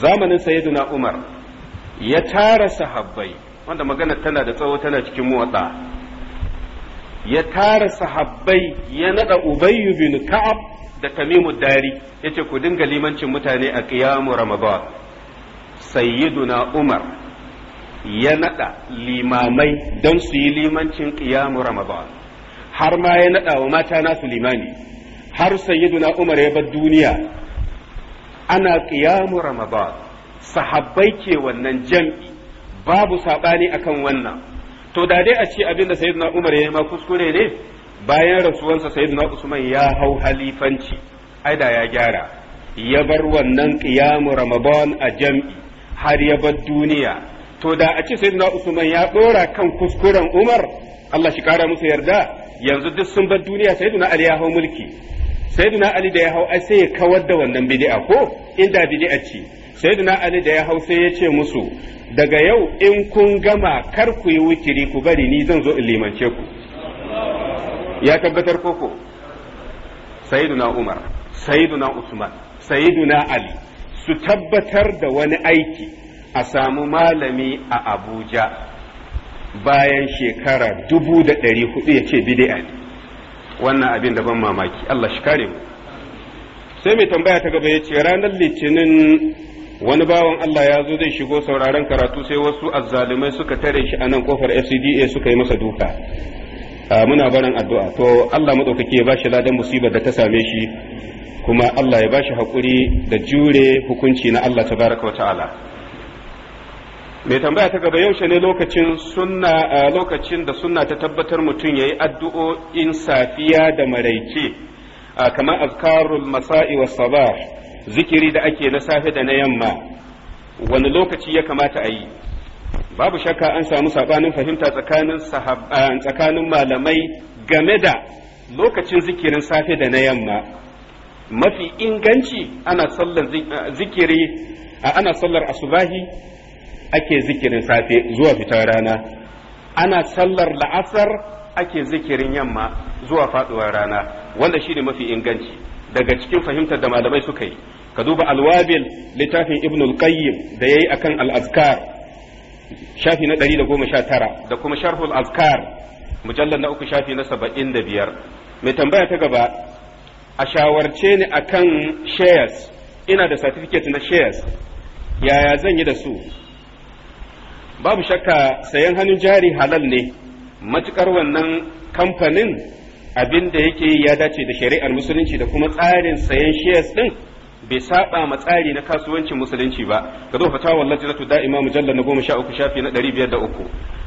Speaker 1: zamanin sayyiduna Umar ya tara sahabbai wanda magana tana da tsawo tana cikin motsa ya tara sahabbai ya nada ubayyu bin ka'ab da tamimu dari ya ce ku dinga limancin mutane a qiyamu ramadan sayyiduna umar ya nada limamai don su yi limancin qiyamu ramadan har ma ya nada wa mata nasu limami har sayyiduna umar ya bar duniya ana qiyamu ramadan sahabbai ke wannan jam'i babu saɓani akan wannan to da dai a ce abinda sayyidina Umar ya yi ma kuskure ne bayan rasuwansa sayyidina Usman ya hau halifanci ai da ya gyara ya bar wannan qiyamu Ramadan a jam'i har ya bar duniya to da a ce sayyidina Usman ya dora kan kuskuren Umar Allah shi kara musu yarda yanzu duk sun bar duniya sayyidina Ali ya hau mulki sayyidina Ali da ya hau ai sai ya kawar da wannan bid'a ko inda bid'a ce sayyidina ali da ya hau sai ya ce musu daga yau in kun gama kar ku yi witiri ku bari ni zan zo in limance ku ya tabbatar koko sayyiduna umar sayyiduna usman sayyiduna ali su tabbatar da wani aiki a samu malami a abuja bayan shekara dubu da ɗari hudu ya ce bidi'a ne wannan abin da ban mamaki allah shi kare mu sai mai tambaya ta gaba ya ce ranar litinin wani bawan Allah ya zo zai shigo sauraron karatu sai wasu azzalumai suka tare shi a nan kofar FCDA suka yi masa duka muna barin addu'a to Allah madaukake ya shi ladan musibar da ta same shi kuma Allah ya bashi haƙuri da jure hukunci na Allah ta baraka wa ta'ala mai tambaya ta gaba yaushe ne lokacin lokacin da sunna ta tabbatar mutum ya yi addu'o'in safiya da maraice kamar azkarul masa'i was sabah zikiri da ake na safe da na yamma wani lokaci ya kamata a yi babu shakka an samu sabanin fahimta tsakanin tsakanin malamai game da lokacin zikirin safe da na yamma mafi inganci ana sallar zikiri a ana sallar asubahi ake zikirin safe zuwa fitar rana ana sallar la'asar ake zikirin yamma zuwa faduwar rana wanda shi ne mafi inganci daga cikin fahimtar da malamai suka yi ka duba alwabil littafin ibn al-qayyim da yayi akan al-azkar shafi na 119 da kuma sharhul azkar mujallar na uku shafi na 75 mai tambaya ta gaba a shawarce ni akan shares ina da certificate na shares yaya zan yi da su babu shakka sayan hannun jari halal ne matukar wannan kamfanin abin da yake ya dace da shari'ar musulunci da kuma tsarin sayan shares din bai saba ma tsari na kasuwancin musulunci ba ka zo fatawa lajnatu da'ima mujallal na goma sha uku shafi na ɗari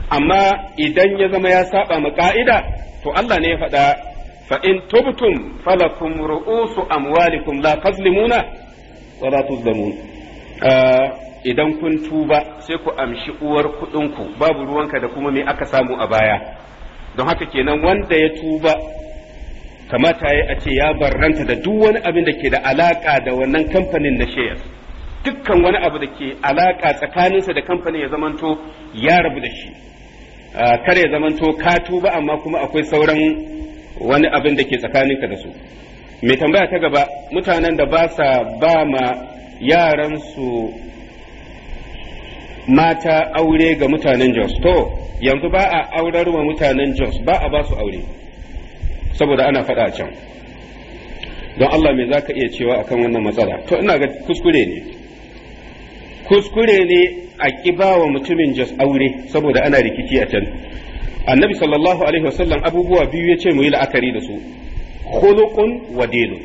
Speaker 1: amma idan ya zama ya saba ma ka'ida to Allah ne ya faɗa fa in tubtum falakum ru'usu amwalikum la tazlimuna wa la tuzlamun ah, idan kun tuba sai ku amshi uwar ku babu ruwanka da kuma me aka samu a baya don haka kenan wanda ya tuba kamata ya a ce ya bar ranta da duk wani abin da ke da alaka da wannan kamfanin na shayar dukkan wani abu da ke alaka tsakaninsa da kamfanin ya zamanto ya rabu da shi kar ya zamanto ka tuba amma kuma akwai sauran wani abin da ke tsakaninka da su mai tambaya ta gaba mutanen da ba sa ba ma yaransu mata aure ga mutanen jos to yanzu ba a aurar wa mutanen jos ba a ba su aure saboda ana faɗa can don Allah mai za ka iya cewa akan wannan matsala to ina ga kuskure ne kuskure ne a ƙiba wa mutumin jas aure saboda ana rikici a can annabi sallallahu alaihi wasallam abubuwa biyu ya ce mu yi la'akari da su khuluqun wa dinun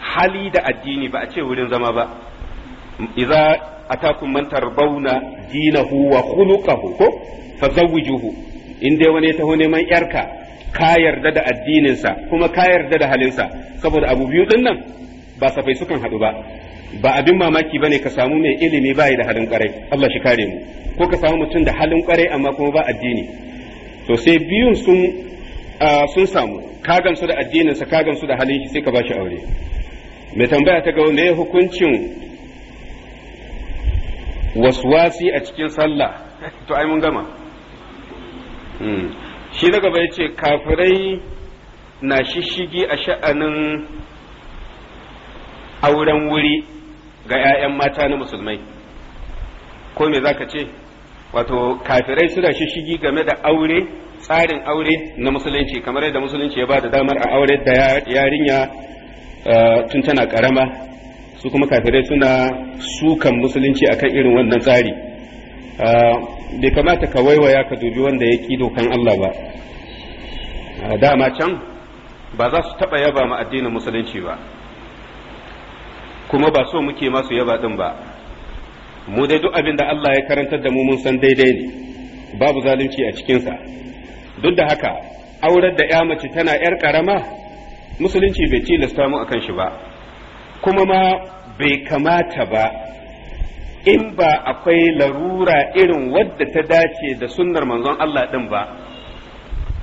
Speaker 1: hali da addini ba a ce wurin zama ba idza atakum man tarbauna dinahu wa khuluquhu ko fazawwijuhu in dai wani ya taho neman yarka ka yarda da addininsa kuma ka yarda da halinsa saboda abu biyu din nan ba safai sukan haɗu ba ba abin mamaki bane ka samu mai ilimi bai da halin kwarai Allah shi kare mu ko ka samu mutum da halin kwarai amma kuma ba addini to sai biyun sun sun samu ka gamsu da addininsa ka gamsu da halin shi sai ka ba shi aure mai tambaya ta ga ya hukuncin waswasi a cikin sallah to ai mun gama hmm. shi na gaba ya ce kafirai na shishigi a sha'anin auren wuri ga 'ya'yan mata na musulmai ko me za ka ce wato kafirai suna shishigi game da aure tsarin aure na musulunci kamar yadda musulunci ya ba da damar a aure da yarinya eh, tun tana karama su kuma kafirai suna sukan musulunci akan irin wannan tsari eh, bai kamata ka waiwaya ka dubi wanda ya ƙi dokan Allah ba dama can ba za su taɓa yaba ma addinin musulunci ba kuma ba so muke masu yaba ɗin ba mu dai duk abin da Allah ya karantar da mu mun san daidai ne babu zalunci a cikinsa duk da haka aurar da 'ya mace tana 'yar ƙarama musulunci bai tilasta mu akan shi ba kuma ma bai kamata ba in ba akwai larura irin wadda ta dace da sunnar manzon Allah ɗin ba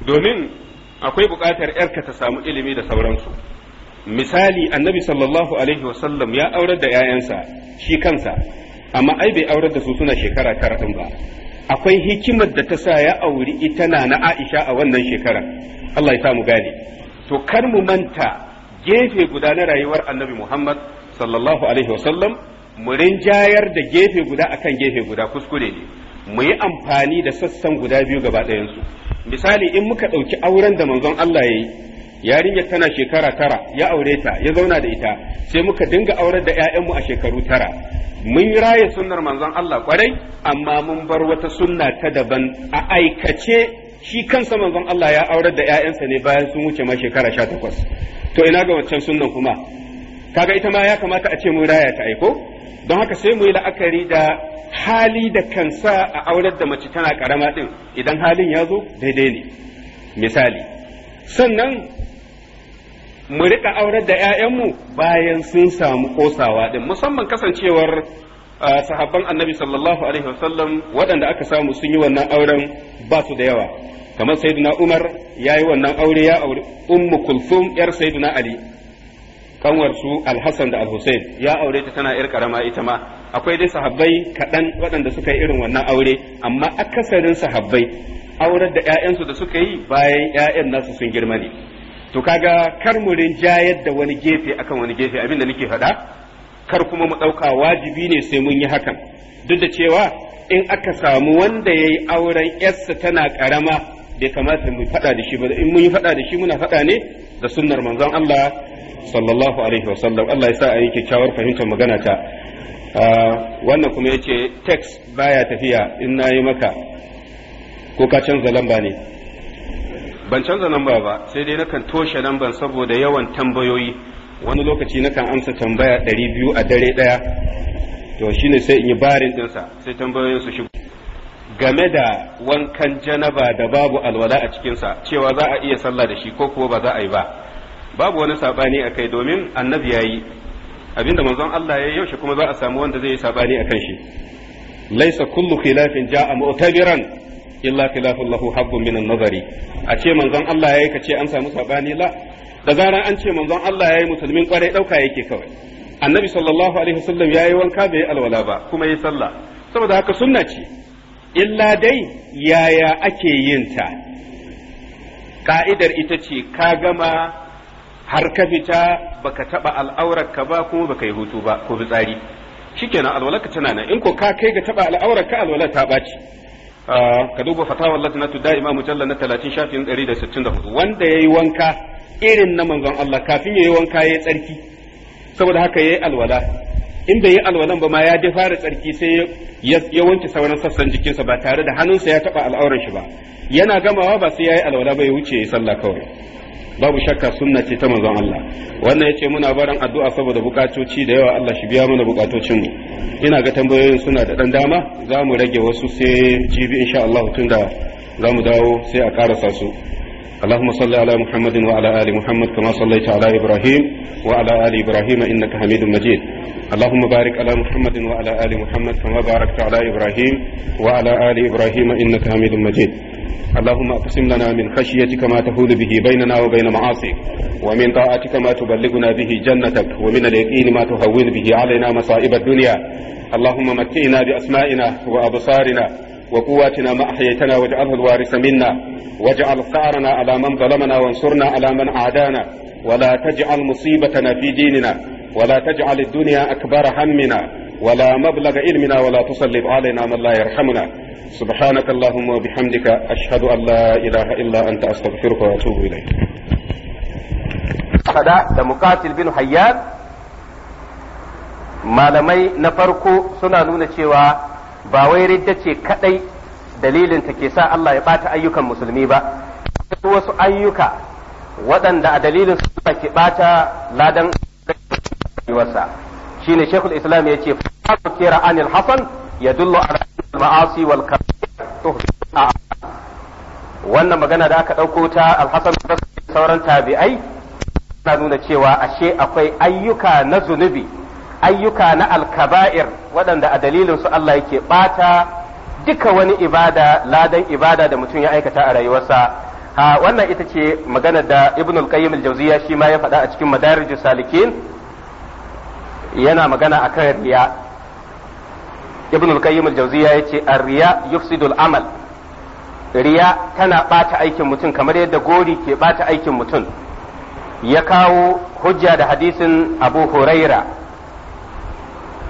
Speaker 1: domin akwai buƙatar ‘yarka ta samu ilimi da sauransu misali annabi sallallahu alaihi wasallam ya aurar da ‘ya'yansa shi kansa amma ai bai aurar da su suna shekara tara ɗin ba akwai hikimar da ta sa ya auri ita na na Aisha a wannan shekarar Allah ya mu gane to kar mu manta gefe guda na rayuwar annabi Muhammad sallallahu alaihi wasallam mu rinjayar da gefe guda akan gefe guda kuskure ne mu yi amfani da sassan guda biyu gaba ɗayansu misali in muka ɗauki auren da manzon Allah ya yi yarinyar tana shekara tara ya aure ta ya zauna da ita sai muka dinga aurar da 'ya'yanmu a shekaru tara mun raye sunnar manzon Allah kwarai amma mun bar wata sunna ta daban a aikace shi kansa manzon Allah ya aurar da 'ya'yansa ne bayan sun wuce ma shekara sha takwas to ina ga waccan sunnan kuma kaga ita ma ya kamata a ce mu raya ta aiko don haka sai mu yi la'akari da hali da kansa a aurar da mace tana karama din idan halin ya zo daidai ne misali sannan mu rika aurar da 'ya'yanmu bayan sun samu kosawa din musamman kasancewar sahabban annabi sallallahu alaihi wasallam waɗanda aka samu sun yi wannan auren ba su da yawa kamar sayyidina umar ya yi wannan aure ya auri ummu kulthum yar sayyidina ali kanwar su alhassan da alhussein ya aure ta tana yar karama ita ma akwai dai sahabbai kaɗan waɗanda suka yi irin wannan aure amma akasarin sahabbai aurar da 'ya'yansu da suka yi bayan 'ya'yan nasu sun girma ne to kaga kar mu rinjayar da wani gefe akan wani gefe abinda da nake faɗa kar kuma mu ɗauka wajibi ne sai mun yi hakan duk da cewa in aka samu wanda ya yi auren 'yarsa tana karama bai kamata mu faɗa da shi ba in mun yi faɗa da shi muna faɗa ne da sunnar manzon Allah sallallahu alaihi wasallam Allah ya sa a yi kyakkyawar fahimtar magana ta ah, wannan kuma yace text baya tafiya in nayi maka ko ka canza lamba ne ban canza lamba ba sai dai nakan toshe lamban saboda yawan tambayoyi wani lokaci nakan amsa tambaya ɗari biyu a dare daya to shine sai in yi barin ɗinsa sai tambayoyin su shigo game da wankan janaba da babu alwala a cikinsa cewa za a iya sallah da shi ko kuwa ba za a yi ba babu wani sabani akai domin annabi yayi abinda manzon Allah yayi yaushe kuma za a samu wanda zai yi sabani kan shi laisa kullu khilafin ja'a mu'tabiran illa khilafu lahu habbun min nazari a ce manzon Allah yayi kace an samu sabani la da zaran an ce manzon Allah yayi musulmin kwarai dauka yake kawai annabi sallallahu alaihi wasallam yayi wanka bai alwala ba kuma yayi sallah saboda haka sunna ce illa dai yaya ake yin ta ka'idar ita ce ka gama har ka fita baka taba ka ba kuma baka yi hutu ba ko fitsari shikenan ka tana nan in ko ka kai ga taba ka alwalar ta baci ah, ka duba fatawa lajnatu da'ima na 30 shafin 164 wanda yayi wanka irin na manzon Allah kafin yayi wanka yayi tsarki saboda haka yayi alwala in bai yi alwalan ba ma ya dai fara tsarki sai ya wanke sauran sassan jikinsa ba tare da hannunsa ya taba al'auran shi ba yana gamawa ba sai yi alwala ba ya wuce ya sallah kawai babu shakka sunna ce ta manzon Allah wannan yace muna barin addu'a saboda bukatoci da yawa Allah shi biya mana bukatocin mu ina ga tambayoyin suna da dan dama za mu rage wasu sai jibi insha Allah tunda za mu dawo sai a karasa su اللهم صل على محمد وعلى آل محمد كما صليت على إبراهيم وعلى آل إبراهيم إنك حميد مجيد اللهم بارك على محمد وعلى آل محمد كما باركت على إبراهيم وعلى آل إبراهيم إنك حميد مجيد اللهم اقسم لنا من خشيتك ما تحول به بيننا وبين معاصيك ومن طاعتك ما تبلغنا به جنتك ومن اليقين ما تهون به علينا مصائب الدنيا اللهم متئنا بأسمائنا وأبصارنا وقواتنا ما أحييتنا واجعله الوارث منا واجعل ثأرنا على من ظلمنا وانصرنا على من عادانا ولا تجعل مصيبتنا في ديننا ولا تجعل الدنيا أكبر همنا ولا مبلغ علمنا ولا تسلط علينا من لا يرحمنا سبحانك اللهم وبحمدك أشهد أن لا إله إلا أنت أستغفرك وأتوب da mukatil bin hayyan malamai na farko suna nuna cewa ba wai ridda ce kadai dalilin ke sa Allah ya bata ayyukan musulmi ba wasu ayyuka waɗanda a dalilin su ke bata ladan rayuwarsa shine shekul ya ce fa kira anil hasan yadullu ala wannan magana da aka ɗauko ta alhassan sauran tabi'ai na nuna cewa ashe akwai ayyuka na zunubi ayyuka na alkaba'ir waɗanda a dalilin su Allah yake ɓata duka wani ibada ladan ibada da mutum ya aikata a rayuwarsa ha wannan ita ce maganar da ibnul qayyim al-jawziya shi ma ya faɗa a cikin madarijus salikin yana magana a kan riya ibn al-qayyim al-jawziya yace ar-riya yufsidu al-amal riya tana bata aikin mutum kamar yadda gori ke bata aikin mutum ya kawo hujja da hadisin abu huraira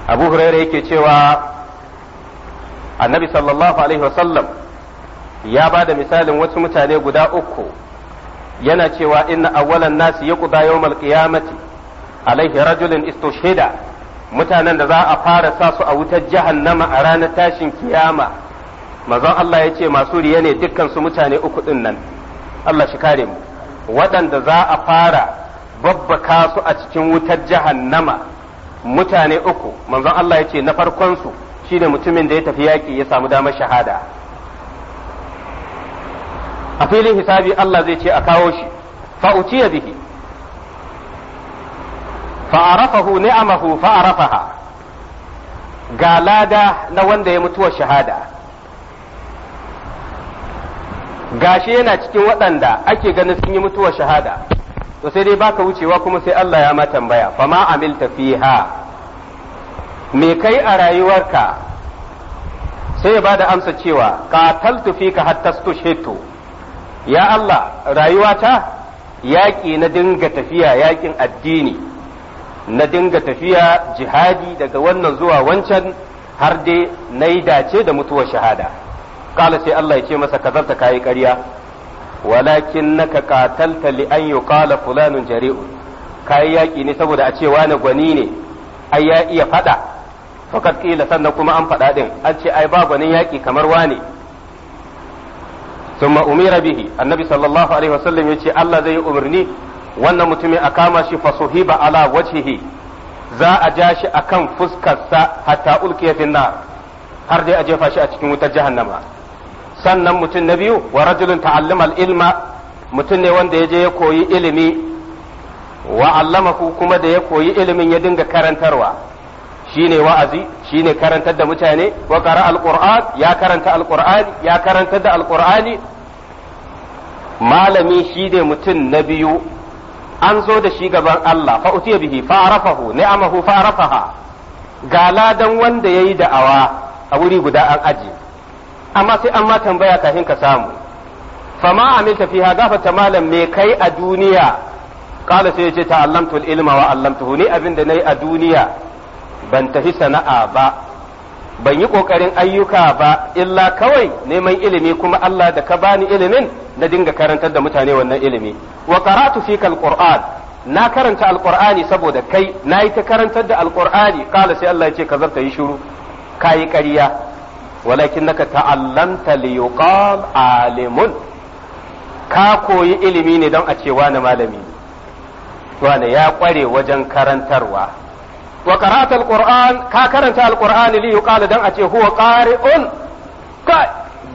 Speaker 1: abu huraira yake cewa annabi sallallahu alaihi wasallam ya ba da misalin wasu mutane guda uku yana cewa inna awwalan nasi yaqda yawmal qiyamati alaihi rajulin shaida mutanen da za a fara sa su a wutar jahannama a ranar tashin kiyama mazan Allah ya ce masu riya ne dukkan su mutane uku din nan Allah shi kare mu waɗanda za a fara babbaka su a cikin wutar jahannama mutane uku manzon Allah ya ce na farkon su shine mutumin da ya tafi yaƙi ya samu damar shahada a filin hisabi Allah zai ce a kawo shi fa'uciya bihi fa'arafahu ni'amahu fa'arafaha ga lada na wanda ya mutuwar shahada gashi yana cikin waɗanda ake ganin sun yi mutuwar shahada to sai dai baka wucewa kuma sai Allah ya ma tambaya fama amilta fiha me kai a rayuwarka sai ya bada amsa cewa qataltu fika hatta stushhitu ya Allah rayuwata yaƙi na dinga tafiya yaƙin addini na dinga tafiya jihadi daga wannan zuwa wancan har dai na yi dace da mutuwar shahada kala sai Allah ya ce masa kazarta yi ƙarya walakin naka qatalta li an yuqala fulanun jari'un yi yaƙi ne saboda a ce wani gwani ne ai ya iya faɗa fakat ƙila sannan kuma an faɗa ɗin an ce ai ba gwanin yaƙi kamar wani ثم annabi به النبي صلى الله عليه وسلم يقول الله زي أمرني wannan mutumin a kama shi fasuhiba ala wajhihi za a ja shi akan fuskarsa hatta ulqiya fi nar har dai a jefa shi a cikin wutar jahannama sannan mutum na biyu wa rajulun ta'allama al-ilma mutum ne wanda ya je ya koyi ilimi wa allamahu kuma da ya koyi ilimin ya dinga karantarwa shine wa'azi shine karantar da mutane wa qara al-qur'an ya karanta al quran ya karantar da al-qur'ani
Speaker 2: malami
Speaker 1: shi ne mutum na biyu an zo da shi gaban Allah fa utiya bihi fa arafahu ni'amahu fa arafaha ga ladan wanda yayi da'awa a wuri guda an aji. amma sai an ma tambaya kafin ka samu fama amilta fiha gafata malam me kai a duniya kala sai yace ta'allamtu al-ilma wa allamtuhu ni abinda nayi a duniya ban tafi sana'a ba ban yi ƙoƙarin ayyuka ba illa kawai neman ilimi kuma Allah da ka bani ilimin na dinga karantar da mutane wannan ilimi wa qara'tu fika alquran na karanta alqur'ani saboda kai na yi ta karantar da alqur'ani kala sai Allah ya ce kazarta yi shiru kayi ƙarya naka ta'allamta liyuqal alimun ka koyi ilimi ne don a cewa na malami wani ya ƙware wajen karantarwa wa karata alquran ka karanta alquran li yuqala dan a ce huwa qari'un ka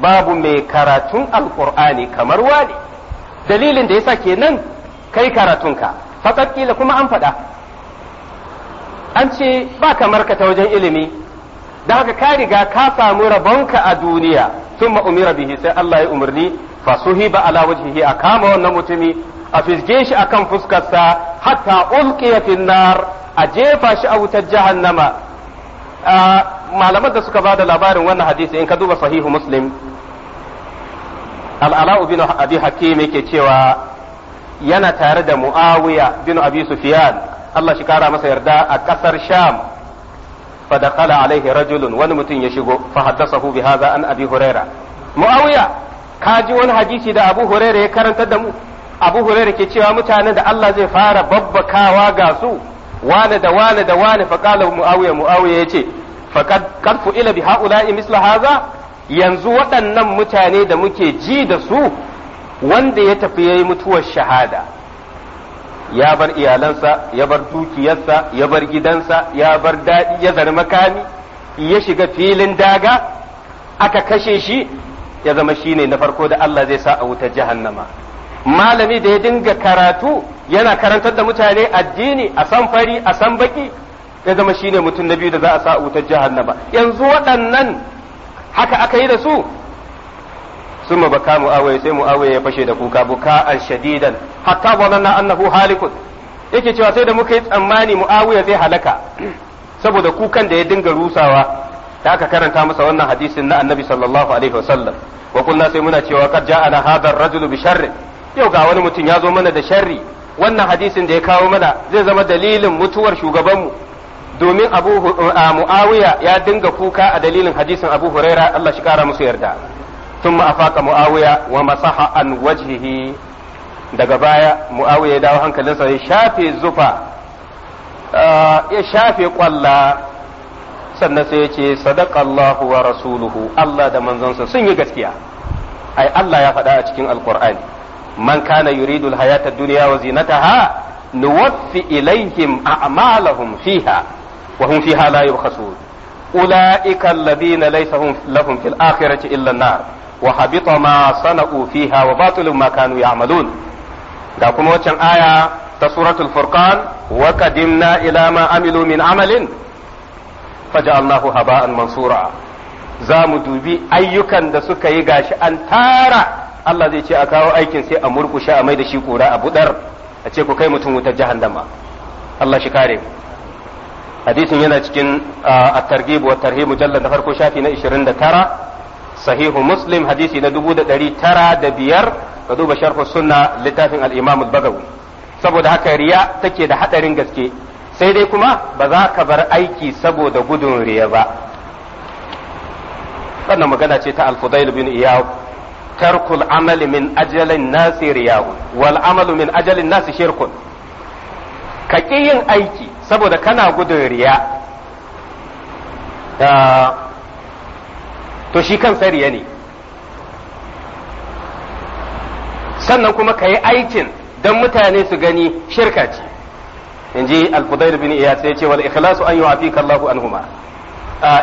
Speaker 1: babu mai karatun alqur'ani kamar wani dalilin da yasa kenan kai karatunka fakat kila kuma an faɗa an ce ba kamar ka ta wajen ilimi da haka ka riga ka samu rabonka a duniya thumma umira bihi sai Allah ya umarni fasuhi ba ala wajhihi a kama wannan mutumi a fisge shi akan fuskarsa hatta ulqiya fin nar a jefa shi a wutar jahannama malaman da suka bada labarin wannan hadisi in ka duba sahihu muslim al'ala'u bin abi hakim yake cewa yana tare da muawiya bin abi sufyan Allah shi kara masa yarda a kasar sham fa alaihi rajulun wani mutum ya shigo fa haddasahu bi hadha an abi huraira muawiya ka ji wani hadisi da Abu Huraira ya karanta da mu Abu Huraira ke cewa mutanen da Allah zai fara babbakawa ga su wane da wane da wane fa qala Muawiya Muawiya yace fa qad ila bi ha'ula'i misla haza yanzu waɗannan mutane da muke ji da su wanda ya tafi yayi mutuwar shahada ya bar iyalansa ya bar dukiyarsa ya bar gidansa ya bar daɗi ya zari makami ya shiga filin daga aka kashe shi ya zama shine na farko da Allah zai sa a wutar jahannama malami da ya dinga karatu yana karantar da mutane addini a san fari a san baki ya zama shine mutum na biyu da za a sa a wutar jahannama yanzu waɗannan haka aka yi da su sun ma baka mu'awaye sai mu'awaye ya fashe da kuka buka an shadidan hatta zananna annahu halikun yake cewa sai da muka yi tsammani mu'awiya zai halaka saboda kukan da ya dinga rusawa da aka karanta masa wannan hadisin na annabi sallallahu alaihi wasallam wa kunna sai muna cewa kad ja'ana hadha rajulu bi sharri yau ga wani mutum ya zo mana da sharri wannan hadisin da ya kawo mana zai zama dalilin mutuwar shugabanmu domin abu muawiya ya dinga kuka a dalilin hadisin abu huraira Allah shi kara musu yarda thumma faka muawiya wa masaha an wajihi daga baya muawiya ya dawo hankalinsa ya shafe zufa ya shafe kwalla sannan sai ya ce Allahu wa rasuluhu Allah da manzonsa sun yi gaskiya ai Allah ya faɗa a cikin alqur'ani man kana yuridu alhayata ad-dunya wa zinataha nuwaffi ilaihim a'malahum fiha wa hum fiha la yubkhasun ulaika alladhina laysa lahum fil akhirati illa an-nar wa habita ma sana'u fiha wa batilu ma kanu ya'malun ga kuma waccan aya ta suratul furqan wa qadimna ila ma amilu min amalin faja'allahu haba'an mansura za mu dubi ayyukan da suka yi gashi an tara Allah zai ce a kawo aikin sai a murkushe a mai da shi kura a budar a ce ku kai mutum wutar jahannama Allah shi kare mu hadisin yana cikin at-targhib wa tarhib mujallad na farko shafi na 29 sahihu muslim hadisi na 1905 ka duba sharh sunna littafin al-imam al-bagawi saboda haka riya take da hadarin gaske sai dai kuma ba za ka bar aiki saboda gudun riya ba wannan magana ce ta al fudayl bin iyaw tarkul amali min ajalin nasi riya wal amalu min ajalin nasi shirkun ka ƙi yin aiki saboda kana gudun riya to shi kansa riya ne sannan kuma ka yi aikin don mutane su gani shirka ce inji al fudayr bin iyas ya ce wal ikhlasu an yu'afika Allahu anhuma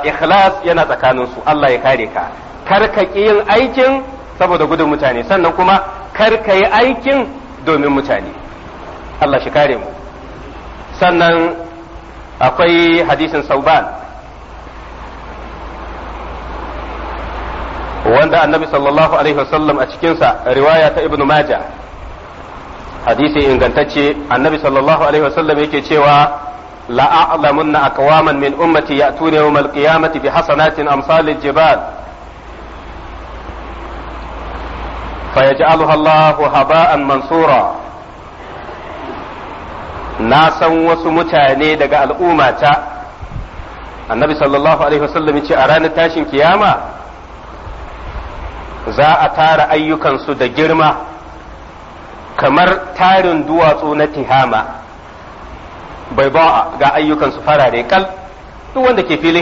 Speaker 1: ikhlas yana tsakanin su Allah ya kare ka kar ka yin aikin saboda gudun mutane sannan kuma kar ka yi aikin domin mutane Allah shi kare mu sannan akwai hadisin sauban wanda annabi sallallahu alaihi wasallam a cikinsa riwaya ta ibnu majah hadisi ingantacce annabi sallallahu alaihi wasallam yake cewa a'lamunna aqwaman min ummati ya'tuna al qiyamati bi hasanatin al jibal fayaj'aluha Allahu haba'an mansura na san wasu mutane daga al'ummata annabi sallallahu alaihi wasallam ya a ranar tashin kiyama za a tara ayyukansu da girma kamar tarin duwatsu na tihama bai ga ayyukansu farare kal duk wanda ke filin